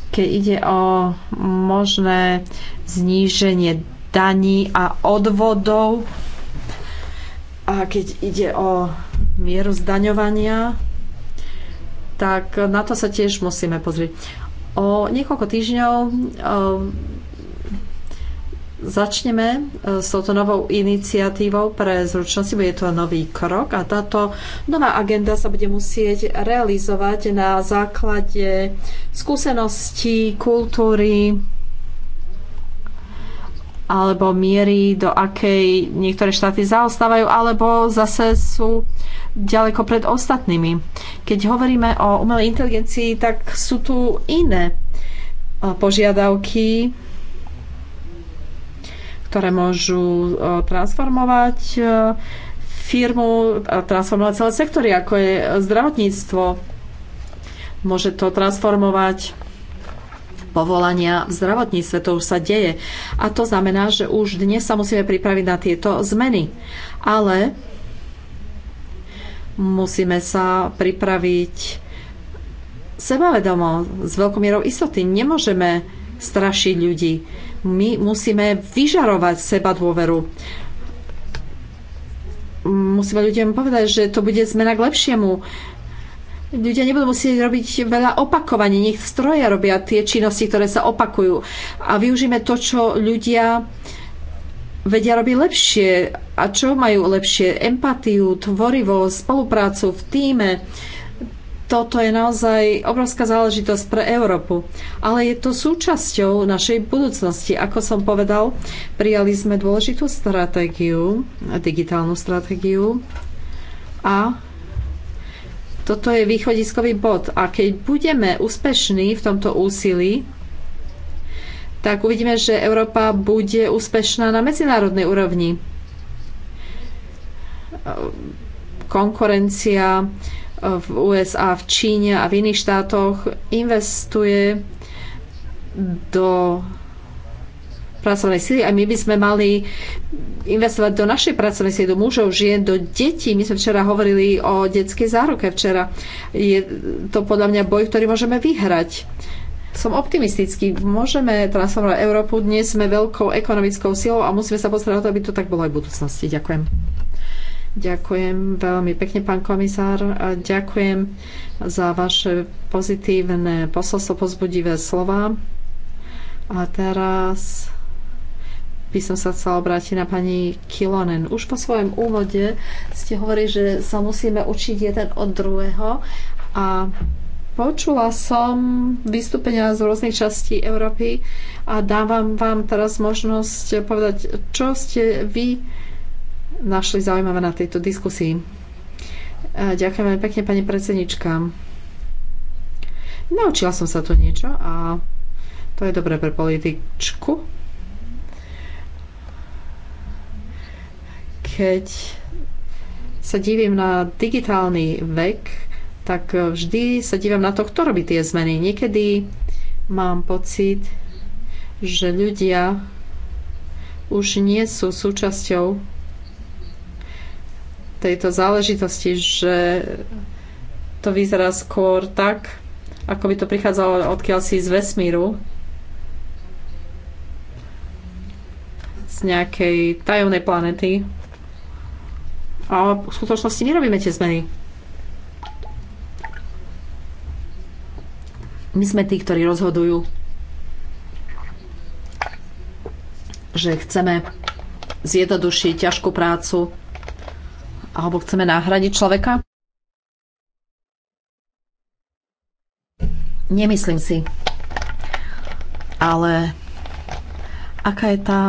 Keď ide o možné zníženie daní a odvodov a keď ide o mieru zdaňovania, tak na to sa tiež musíme pozrieť. O niekoľko týždňov eh, Začneme e, s touto novou iniciatívou pre zručnosti, bude to nový krok a táto nová agenda sa bude musieť realizovať na základe skúseností, kultúry alebo miery, do akej niektoré štáty zaostávajú, alebo zase sú ďaleko pred ostatnými. Keď hovoríme o umelej inteligencii, tak sú tu iné e, požiadavky, ktoré môžu e, transformovať e, firmu, transformovať celé sektory, ako je zdravotníctvo. Môže to transformovať povolania v zdravotníctve, to už sa deje. A to znamená, že už dnes sa musíme pripraviť na tieto zmeny. Ale musíme sa pripraviť sebavedomo, s veľkou mierou istoty. Nemôžeme strašiť ľudí my musíme vyžarovať seba dôveru. Musíme ľuďom povedať, že to bude zmena k lepšiemu. Ľudia nebudú musieť robiť veľa opakovaní. Nech stroje robia tie činnosti, ktoré sa opakujú. A využíme to, čo ľudia vedia robiť lepšie. A čo majú lepšie? Empatiu, tvorivosť, spoluprácu v týme toto je naozaj obrovská záležitosť pre Európu. Ale je to súčasťou našej budúcnosti. Ako som povedal, prijali sme dôležitú stratégiu, digitálnu stratégiu a toto je východiskový bod. A keď budeme úspešní v tomto úsilí, tak uvidíme, že Európa bude úspešná na medzinárodnej úrovni. Konkurencia v USA, v Číne a v iných štátoch investuje do pracovnej sily a my by sme mali investovať do našej pracovnej sily, do mužov, žien, do detí. My sme včera hovorili o detskej záruke včera. Je to podľa mňa boj, ktorý môžeme vyhrať. Som optimistický. Môžeme transformovať Európu. Dnes sme veľkou ekonomickou silou a musíme sa postarať o to, aby to tak bolo aj v budúcnosti. Ďakujem. Ďakujem veľmi pekne, pán komisár. Ďakujem za vaše pozitívne posolstvo, pozbudivé slova. A teraz by som sa chcela obrátiť na pani Kilonen. Už po svojom úvode ste hovorili, že sa musíme učiť jeden od druhého a počula som vystúpenia z rôznych častí Európy a dávam vám teraz možnosť povedať, čo ste vy našli zaujímavé na tejto diskusii. Ďakujem veľmi pekne, pani predsednička. Naučila som sa tu niečo a to je dobré pre političku. Keď sa divím na digitálny vek, tak vždy sa divím na to, kto robí tie zmeny. Niekedy mám pocit, že ľudia už nie sú súčasťou tejto záležitosti, že to vyzerá skôr tak, ako by to prichádzalo odkiaľ si z vesmíru, z nejakej tajomnej planety. A v skutočnosti nerobíme tie zmeny. My sme tí, ktorí rozhodujú, že chceme zjednodušiť ťažkú prácu alebo chceme nahradiť človeka? Nemyslím si. Ale aká je tá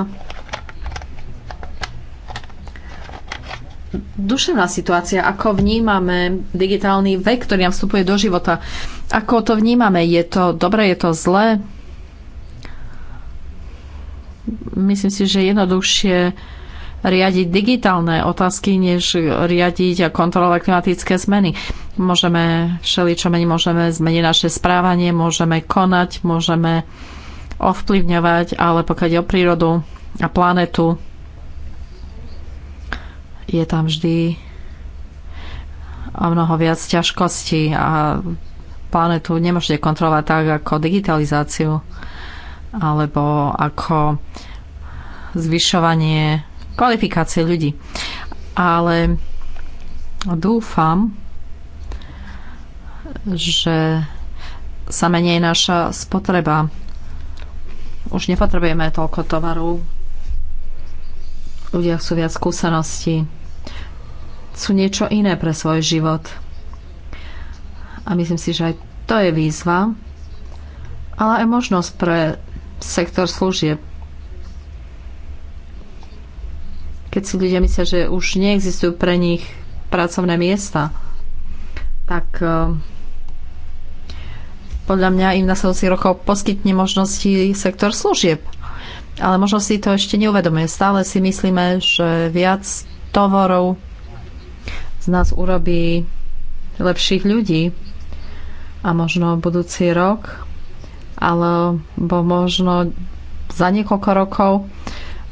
duševná situácia, ako vnímame digitálny vek, ktorý nám vstupuje do života. Ako to vnímame? Je to dobré, je to zlé? Myslím si, že jednoduchšie riadiť digitálne otázky, než riadiť a kontrolovať klimatické zmeny. Môžeme všeličo meniť, môžeme zmeniť naše správanie, môžeme konať, môžeme ovplyvňovať, ale pokiaľ je o prírodu a planetu, je tam vždy o mnoho viac ťažkostí a planetu nemôžete kontrolovať tak ako digitalizáciu alebo ako zvyšovanie kvalifikácie ľudí. Ale dúfam, že sa menej naša spotreba. Už nepotrebujeme toľko tovaru. Ľudia sú viac skúseností. Sú niečo iné pre svoj život. A myslím si, že aj to je výzva, ale aj možnosť pre sektor služieb. keď si ľudia myslia, že už neexistujú pre nich pracovné miesta, tak eh, podľa mňa im na sledujúcich rokov poskytne možnosti sektor služieb. Ale možno si to ešte neuvedomuje. Stále si myslíme, že viac tovorov z nás urobí lepších ľudí a možno budúci rok alebo možno za niekoľko rokov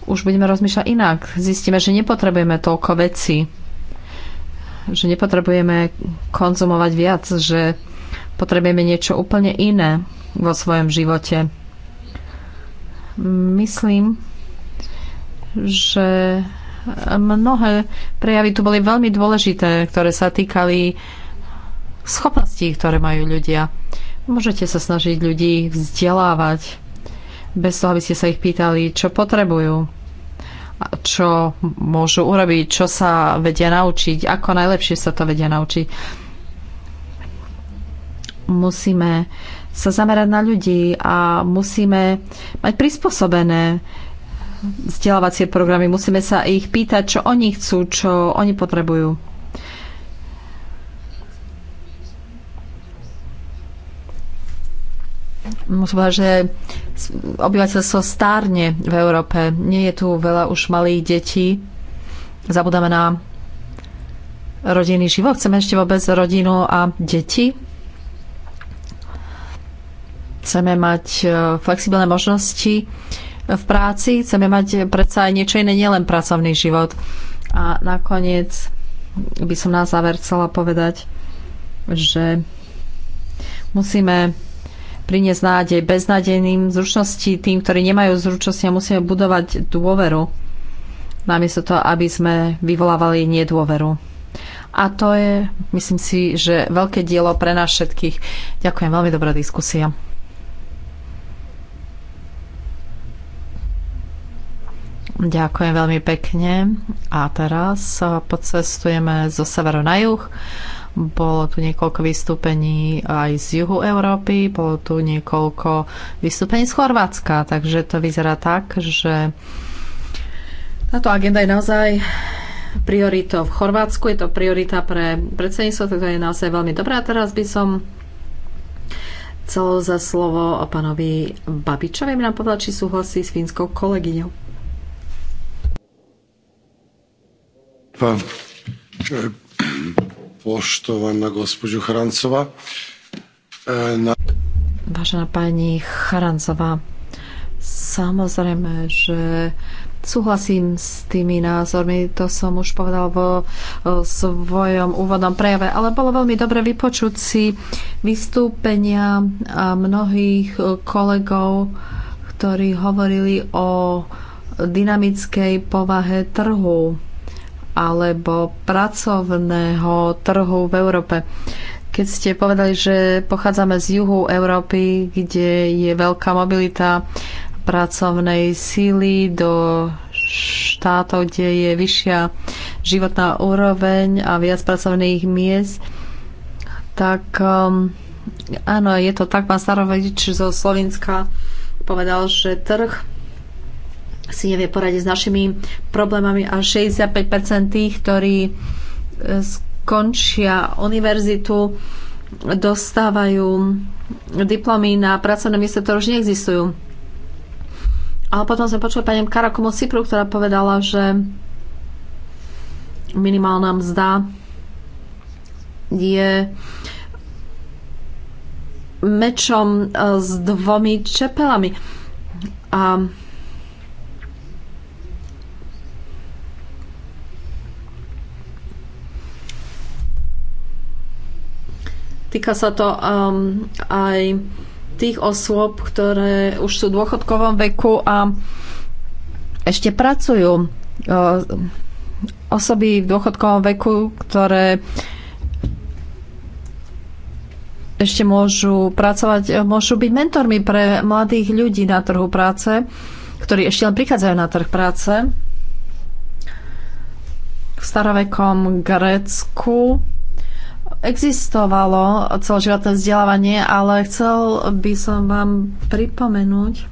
už budeme rozmýšľať inak. Zistíme, že nepotrebujeme toľko veci, že nepotrebujeme konzumovať viac, že potrebujeme niečo úplne iné vo svojom živote. Myslím, že mnohé prejavy tu boli veľmi dôležité, ktoré sa týkali schopností, ktoré majú ľudia. Môžete sa snažiť ľudí vzdelávať, bez toho, aby ste sa ich pýtali, čo potrebujú, čo môžu urobiť, čo sa vedia naučiť, ako najlepšie sa to vedia naučiť. Musíme sa zamerať na ľudí a musíme mať prispôsobené vzdelávacie programy. Musíme sa ich pýtať, čo oni chcú, čo oni potrebujú. Musím povedať, že obyvateľstvo stárne v Európe. Nie je tu veľa už malých detí. Zabudáme na rodinný život. Chceme ešte vôbec rodinu a deti. Chceme mať e, flexibilné možnosti v práci. Chceme mať predsa aj niečo iné, nielen pracovný život. A nakoniec by som na záver chcela povedať, že musíme priniesť nádej beznádejným zručnosti tým, ktorí nemajú zručnosti a musíme budovať dôveru namiesto toho, aby sme vyvolávali nedôveru. A to je, myslím si, že veľké dielo pre nás všetkých. Ďakujem, veľmi dobrá diskusia. Ďakujem veľmi pekne. A teraz eh, pocestujeme zo severu na juh. Bolo tu niekoľko vystúpení aj z juhu Európy, bolo tu niekoľko vystúpení z Chorvátska, takže to vyzerá tak, že táto agenda je naozaj prioritou v Chorvátsku, je to priorita pre predsedníctvo, Takže je naozaj veľmi dobré. A teraz by som celo za slovo o pánovi Babičovi nám povedal, či súhlasí s fínskou kolegyňou. Pán poštovana gospođo Harancova. E, na... Vážená pani Charancová, samozrejme, že Súhlasím s tými názormi, to som už povedal vo e, svojom úvodnom prejave, ale bolo veľmi dobre vypočuť si vystúpenia e, mnohých e, kolegov, ktorí hovorili o dynamickej povahe trhu alebo pracovného trhu v Európe. Keď ste povedali, že pochádzame z juhu Európy, kde je veľká mobilita pracovnej síly do štátov, kde je vyššia životná úroveň a viac pracovných miest, tak um, áno, je to tak. Pán Starovič zo Slovenska povedal, že trh si nevie poradiť s našimi problémami a 65% tých, ktorí e, skončia univerzitu, dostávajú diplomy na pracovné miesto, ktoré už neexistujú. Ale potom sme počuli pani Karakomu Cypru, ktorá povedala, že minimálna mzda je mečom e, s dvomi čepelami. A Týka sa to um, aj tých osôb, ktoré už sú v dôchodkovom veku a ešte pracujú. Uh, osoby v dôchodkovom veku, ktoré ešte môžu pracovať, uh, môžu byť mentormi pre mladých ľudí na trhu práce, ktorí ešte len prichádzajú na trh práce. V starovekom Grécku existovalo celoživotné vzdelávanie, ale chcel by som vám pripomenúť,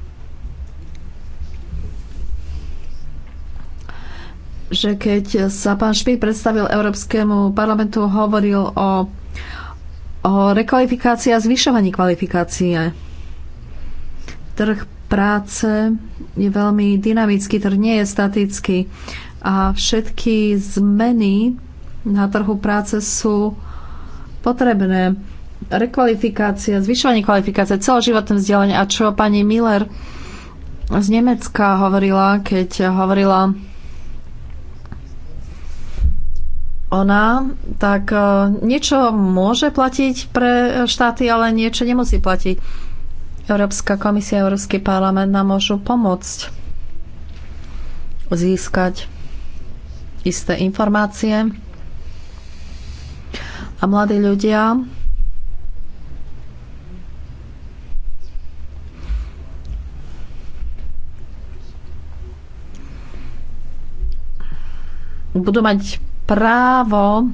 že keď sa pán Špík predstavil Európskemu parlamentu, hovoril o, o rekvalifikácii a zvyšovaní kvalifikácie. Trh práce je veľmi dynamický, trh nie je statický a všetky zmeny na trhu práce sú potrebné. Rekvalifikácia, zvyšovanie kvalifikácie, celoživotné vzdelanie a čo pani Miller z Nemecka hovorila, keď hovorila ona, tak e, niečo môže platiť pre štáty, ale niečo nemusí platiť. Európska komisia, Európsky parlament nám môžu pomôcť získať isté informácie a mladí ľudia budú mať právo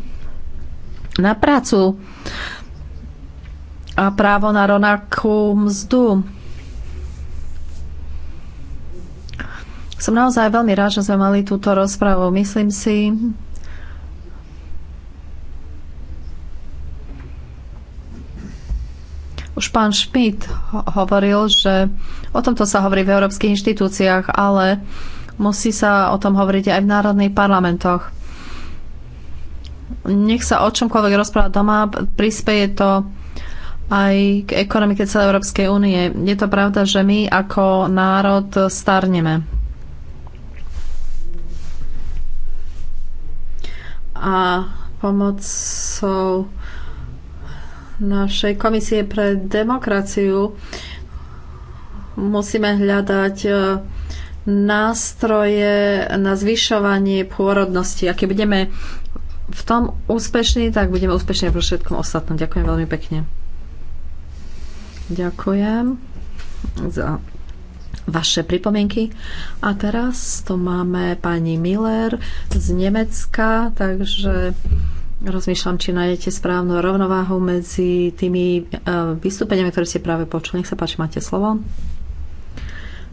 na prácu a právo na rovnakú mzdu. Som naozaj veľmi rád, že sme mali túto rozprávu. Myslím si, Už pán Schmidt hovoril, že o tomto sa hovorí v európskych inštitúciách, ale musí sa o tom hovoriť aj v národných parlamentoch. Nech sa o čomkoľvek rozpráva doma, prispieje to aj k ekonomike celej Európskej únie. Je to pravda, že my ako národ starneme. A pomocou našej komisie pre demokraciu musíme hľadať e, nástroje na zvyšovanie pôrodnosti. A keď budeme v tom úspešní, tak budeme úspešní vo všetkom ostatnom. Ďakujem veľmi pekne. Ďakujem za vaše pripomienky. A teraz tu máme pani Miller z Nemecka, takže Rozmýšľam, či nájdete správnu rovnováhu medzi tými e, vystúpeniami, ktoré ste práve počuli. Nech sa páči, máte slovo.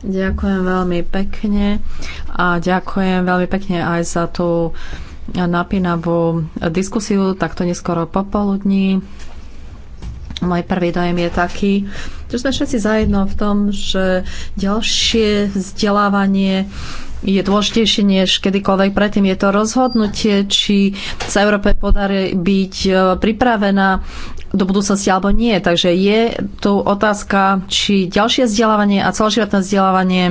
Ďakujem veľmi pekne a ďakujem veľmi pekne aj za tú napínavú diskusiu takto neskoro popoludní. Môj prvý dojem je taký, že sme všetci zajedno v tom, že ďalšie vzdelávanie je dôležitejšie než kedykoľvek predtým. Je to rozhodnutie, či sa Európe podarí byť e, pripravená do budúcnosti alebo nie. Takže je tu otázka, či ďalšie vzdelávanie a celoživotné vzdelávanie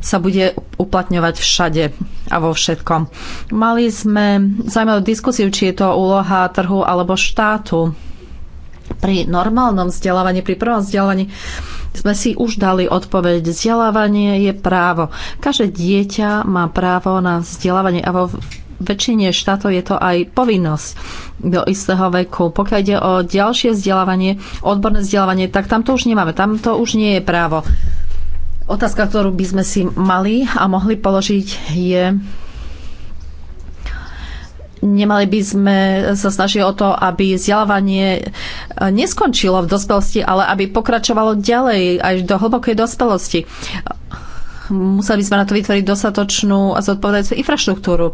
sa bude uplatňovať všade a vo všetkom. Mali sme zaujímavú diskusiu, či je to úloha trhu alebo štátu. Pri normálnom vzdelávaní, pri prvom vzdelávaní sme si už dali odpoveď. Vzdelávanie je právo. Každé dieťa má právo na vzdelávanie a vo väčšine štátov je to aj povinnosť do istého veku. Pokiaľ ide o ďalšie vzdelávanie, odborné vzdelávanie, tak tam to už nemáme. Tam to už nie je právo. Otázka, ktorú by sme si mali a mohli položiť je, Nemali by sme sa snažiť o to, aby vzdelávanie e, neskončilo v dospelosti, ale aby pokračovalo ďalej až do hlbokej dospelosti. Museli by sme na to vytvoriť dostatočnú a zodpovedajúcu infraštruktúru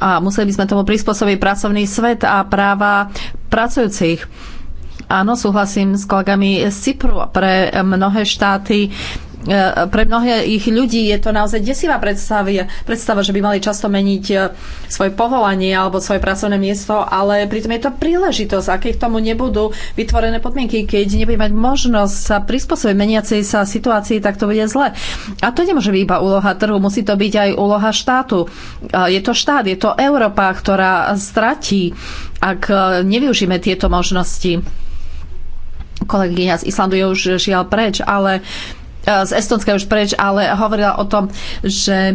a museli by sme tomu prispôsobiť pracovný svet a práva pracujúcich. Áno, súhlasím s kolegami z Cypru. Pre mnohé štáty E, pre mnohých ľudí je to naozaj desivá predstava, predstava, že by mali často meniť e, svoje povolanie alebo svoje pracovné miesto, ale pritom je to príležitosť a keď k tomu nebudú vytvorené podmienky, keď nebude mať možnosť sa prispôsobiť meniacej sa situácii, tak to bude zle. A to nemôže byť iba úloha trhu, musí to byť aj úloha štátu. Je to štát, je to Európa, ktorá stratí, ak e, nevyužíme tieto možnosti. Kolegyňa z Islandu je už žiaľ preč, ale uh, E, z Estonska už preč, ale hovorila o tom, že e,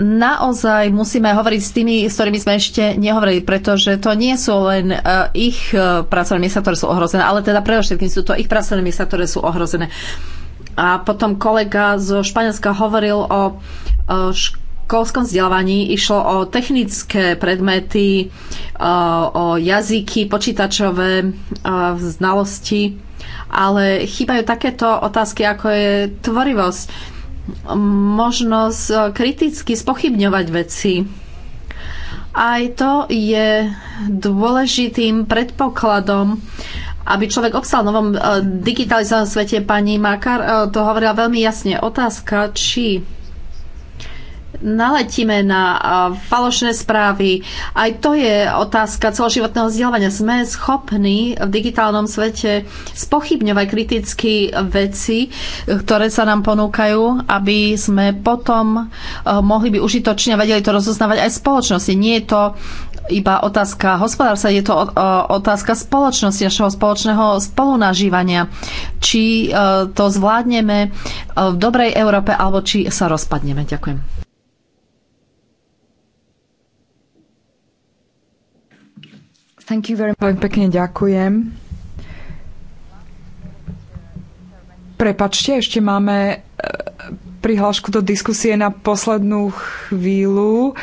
naozaj musíme hovoriť s tými, s ktorými sme ešte nehovorili, pretože to nie sú len e, ich pracovné miesta, ktoré sú ohrozené, ale teda všetkým sú to ich pracovné miesta, ktoré sú ohrozené. A potom kolega zo Španielska hovoril o školskom vzdelávaní. Išlo o technické predmety, o jazyky, počítačové znalosti ale chýbajú takéto otázky, ako je tvorivosť, možnosť eh, kriticky spochybňovať veci. Aj to je dôležitým predpokladom aby človek obstal v novom eh, digitalizovanom svete. Pani Makar eh, to hovorila veľmi jasne. Otázka, či naletíme na falošné správy. Aj to je otázka celoživotného vzdelávania. Sme schopní v digitálnom svete spochybňovať kriticky veci, ktoré sa nám ponúkajú, aby sme potom e, mohli by užitočne vedeli to rozoznávať aj spoločnosti. Nie je to iba otázka hospodárstva, je to e, otázka spoločnosti, našeho spoločného spolunažívania. Či e, to zvládneme v dobrej Európe, alebo či sa rozpadneme. Ďakujem. Thank you very much. Veľmi pekne ďakujem. Prepačte, ešte máme e, prihlášku do diskusie na poslednú chvíľu.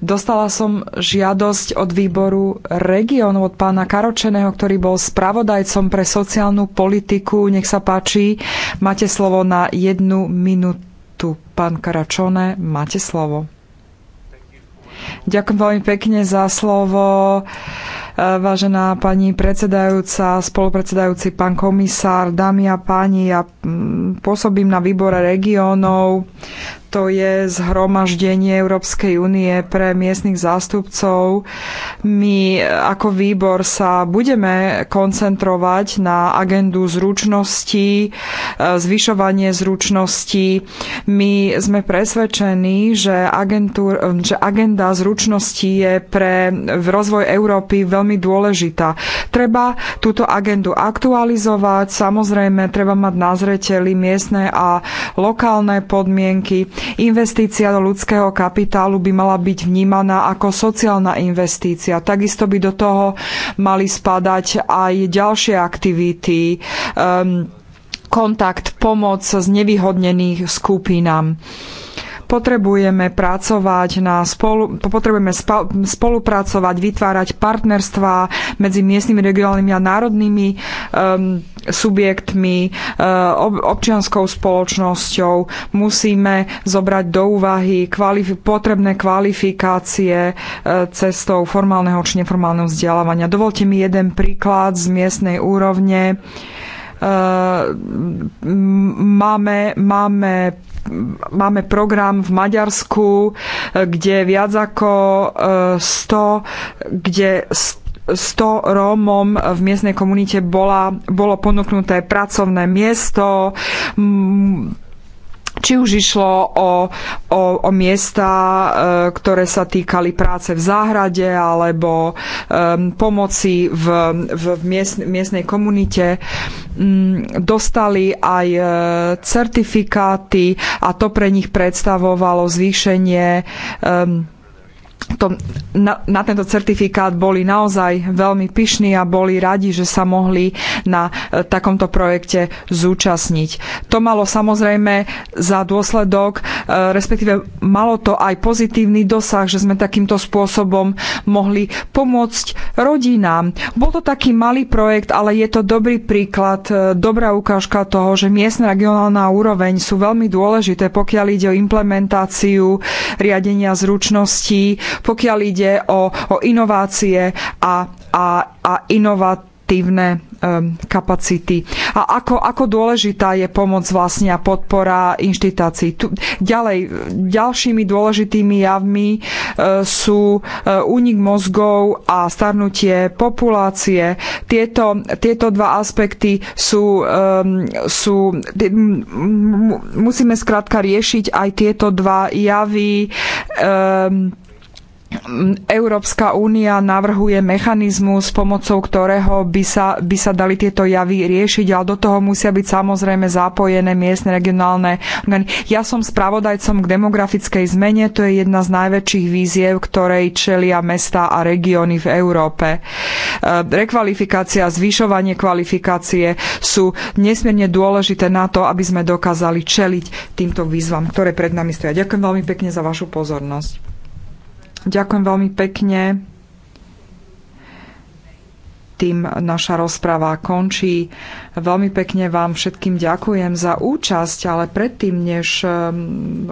Dostala som žiadosť od výboru regionu od pána Karočeného, ktorý bol spravodajcom pre sociálnu politiku. Nech sa páči, máte slovo na jednu minútu. Pán Karačone, máte slovo. Ďakujem veľmi pekne za slovo. E, vážená pani predsedajúca, spolupredsedajúci pán komisár, dámy a páni, ja mm, pôsobím na výbore regiónov to je zhromaždenie Európskej únie pre miestnych zástupcov. My ako výbor sa budeme koncentrovať na agendu zručností, eh, zvyšovanie zručností. My sme presvedčení, že, agentúr, že agenda zručností je pre rozvoj Európy veľmi dôležitá. Treba túto agendu aktualizovať, samozrejme treba mať na zreteli miestne a lokálne podmienky. Investícia do ľudského kapitálu by mala byť vnímaná ako sociálna investícia. Takisto by do toho mali spadať aj ďalšie aktivity, um, kontakt, pomoc s nevyhodnených skupinám. Potrebujeme pracovať na spolu, potrebujeme spolupracovať, vytvárať partnerstva medzi miestnymi, regionálnymi a národnými um, subjektmi, eh, občianskou spoločnosťou. Musíme zobrať do úvahy kvalif- potrebné kvalifikácie eh, cestou formálneho či neformálneho vzdelávania. Dovolte mi jeden príklad z miestnej úrovne. Eh, máme, máme máme program v Maďarsku, eh, kde viac ako 100, eh, kde 100 Rómom v miestnej komunite bola, bolo ponúknuté pracovné miesto či už išlo o, o, o miesta, e, ktoré sa týkali práce v záhrade alebo um, pomoci v, v miest, miestnej komunite, um, dostali aj e, certifikáty a to pre nich predstavovalo zvýšenie um, to, na, na tento certifikát boli naozaj veľmi pyšní a boli radi, že sa mohli na e, takomto projekte zúčastniť. To malo samozrejme za dôsledok, e, respektíve malo to aj pozitívny dosah, že sme takýmto spôsobom mohli pomôcť rodinám. Bol to taký malý projekt, ale je to dobrý príklad, e, dobrá ukážka toho, že miestna regionálna úroveň sú veľmi dôležité, pokiaľ ide o implementáciu riadenia zručností, pokiaľ ide o, o inovácie a, a, a inovatívne um, kapacity. A ako, ako dôležitá je pomoc vlastne a podpora inštitácií. Tu, ďalej, ďalšími dôležitými javmi e, sú e, únik mozgov a starnutie populácie. Tieto, tieto dva aspekty sú, um, sú m, musíme skrátka riešiť aj tieto dva javy. Um, Európska únia navrhuje mechanizmus, pomocou ktorého by sa, by sa dali tieto javy riešiť, ale do toho musia byť samozrejme zapojené miestne regionálne orgány. Ja som spravodajcom k demografickej zmene, to je jedna z najväčších víziev, ktorej čelia mestá a regióny v Európe. E, rekvalifikácia, zvyšovanie kvalifikácie sú nesmierne dôležité na to, aby sme dokázali čeliť týmto výzvam, ktoré pred nami stoja. Ďakujem veľmi pekne za vašu pozornosť. Ďakujem veľmi pekne tým naša rozpráva končí. Veľmi pekne vám všetkým ďakujem za účasť, ale predtým, než um,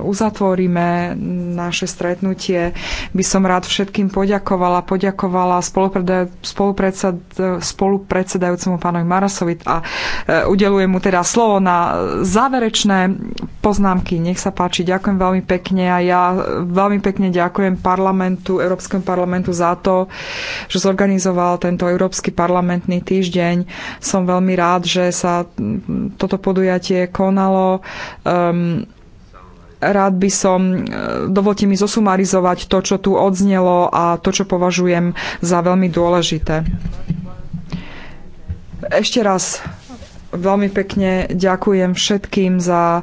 uzatvoríme naše stretnutie, by som rád všetkým poďakovala. Poďakovala spolupredsed, spolupredsedajúcemu pánovi Marasovi a uh, udelujem mu teda slovo na záverečné poznámky. Nech sa páči, ďakujem veľmi pekne a ja veľmi pekne ďakujem parlamentu, Európskom parlamentu za to, že zorganizoval tento Európsky parlamentný týždeň. Som veľmi rád, že sa toto podujatie konalo. Um, rád by som, e, dovolte mi zosumarizovať to, čo tu odznelo a to, čo považujem za veľmi dôležité. Ešte raz veľmi pekne ďakujem všetkým za e,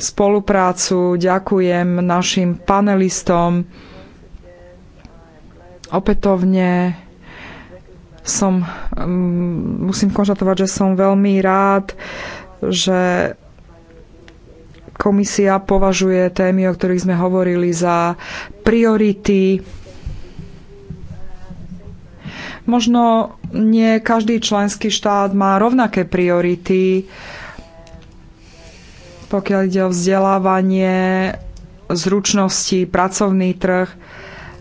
spoluprácu, ďakujem našim panelistom. Opätovne som, mm, musím konštatovať, že som veľmi rád, že komisia považuje témy, o ktorých sme hovorili, za priority. Možno nie každý členský štát má rovnaké priority, pokiaľ ide o vzdelávanie, zručnosti, pracovný trh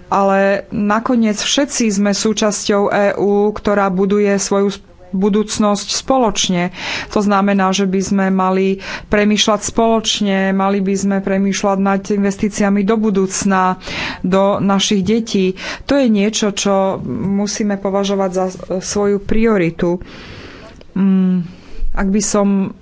ale nakoniec všetci sme súčasťou EÚ, ktorá buduje svoju budúcnosť spoločne. To znamená, že by sme mali premýšľať spoločne, mali by sme premýšľať nad investíciami do budúcna, do našich detí. To je niečo, čo musíme považovať za svoju prioritu. Mm, ak by som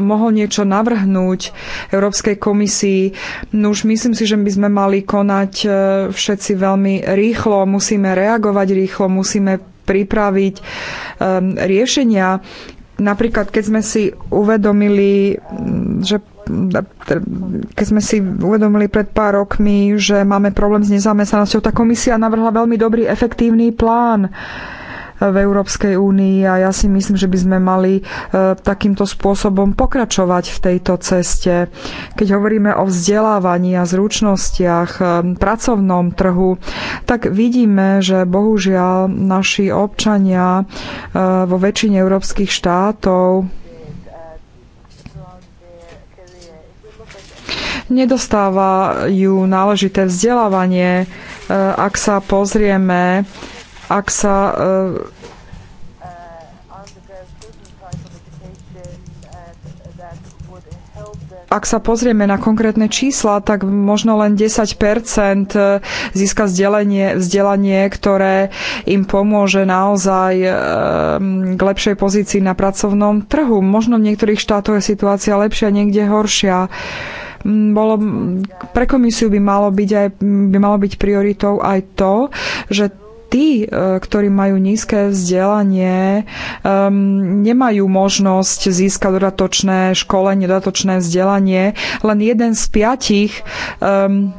mohol niečo navrhnúť Európskej komisii. No už myslím si, že by sme mali konať e, všetci veľmi rýchlo, musíme reagovať rýchlo, musíme pripraviť um, riešenia. Napríklad, keď sme si uvedomili, že keď sme si uvedomili pred pár rokmi, že máme problém s nezamestnanosťou, tá komisia navrhla veľmi dobrý, efektívny plán. Uh, v Európskej únii a ja si myslím, že by sme mali e, takýmto spôsobom pokračovať v tejto ceste. Keď hovoríme o vzdelávaní a zručnostiach, e, pracovnom trhu, tak vidíme, že bohužiaľ naši občania e, vo väčšine európskych štátov nedostávajú náležité vzdelávanie. Ak sa pozrieme ak sa e, ak sa pozrieme na konkrétne čísla, tak možno len 10% získa vzdelanie, vzdelanie, ktoré im pomôže naozaj e, k lepšej pozícii na pracovnom trhu. Možno v niektorých štátoch je situácia lepšia, niekde horšia. Mm, bolo, pre komisiu by malo byť, aj, by malo byť prioritou aj to, že tí, e, ktorí majú nízke vzdelanie, um, nemajú možnosť získať dodatočné školenie, dodatočné vzdelanie. Len jeden z piatich um,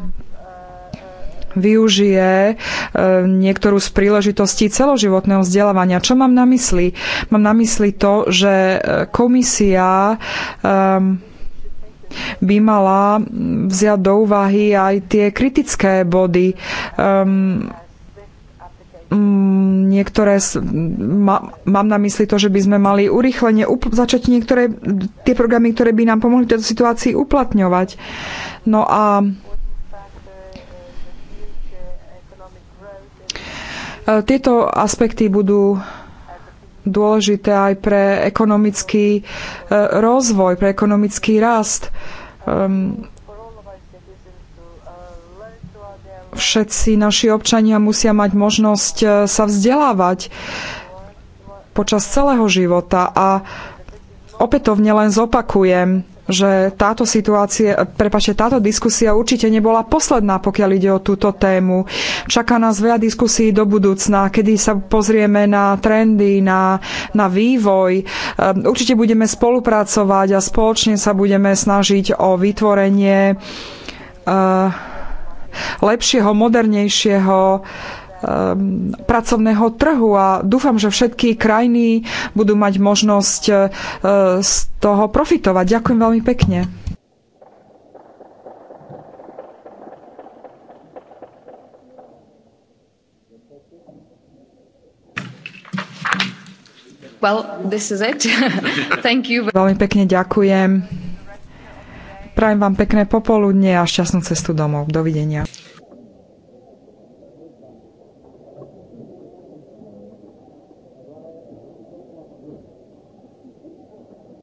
využije e, niektorú z príležitostí celoživotného vzdelávania. Čo mám na mysli? Mám na mysli to, že e, komisia by mala vziať do úvahy aj tie kritické body. Um, Mm, niektoré, ma, mám na mysli to, že by sme mali urychlenie up, začať niektoré tie programy, ktoré by nám pomohli v tejto situácii uplatňovať. No a e, tieto aspekty budú dôležité aj pre ekonomický e, rozvoj, pre ekonomický rast. Ehm, všetci naši občania musia mať možnosť e, sa vzdelávať počas celého života a opätovne len zopakujem, že táto situácia, prepáče, táto diskusia určite nebola posledná, pokiaľ ide o túto tému. Čaká nás veľa diskusí do budúcna, kedy sa pozrieme na trendy, na, na vývoj. E, určite budeme spolupracovať a spoločne sa budeme snažiť o vytvorenie uh, lepšieho, modernejšieho ehm, pracovného trhu a dúfam, že všetky krajiny budú mať možnosť e, z toho profitovať. Ďakujem veľmi pekne. Well, Veľmi pekne ďakujem. Prajem vám pekné popoludne a šťastnú cestu domov. Dovidenia.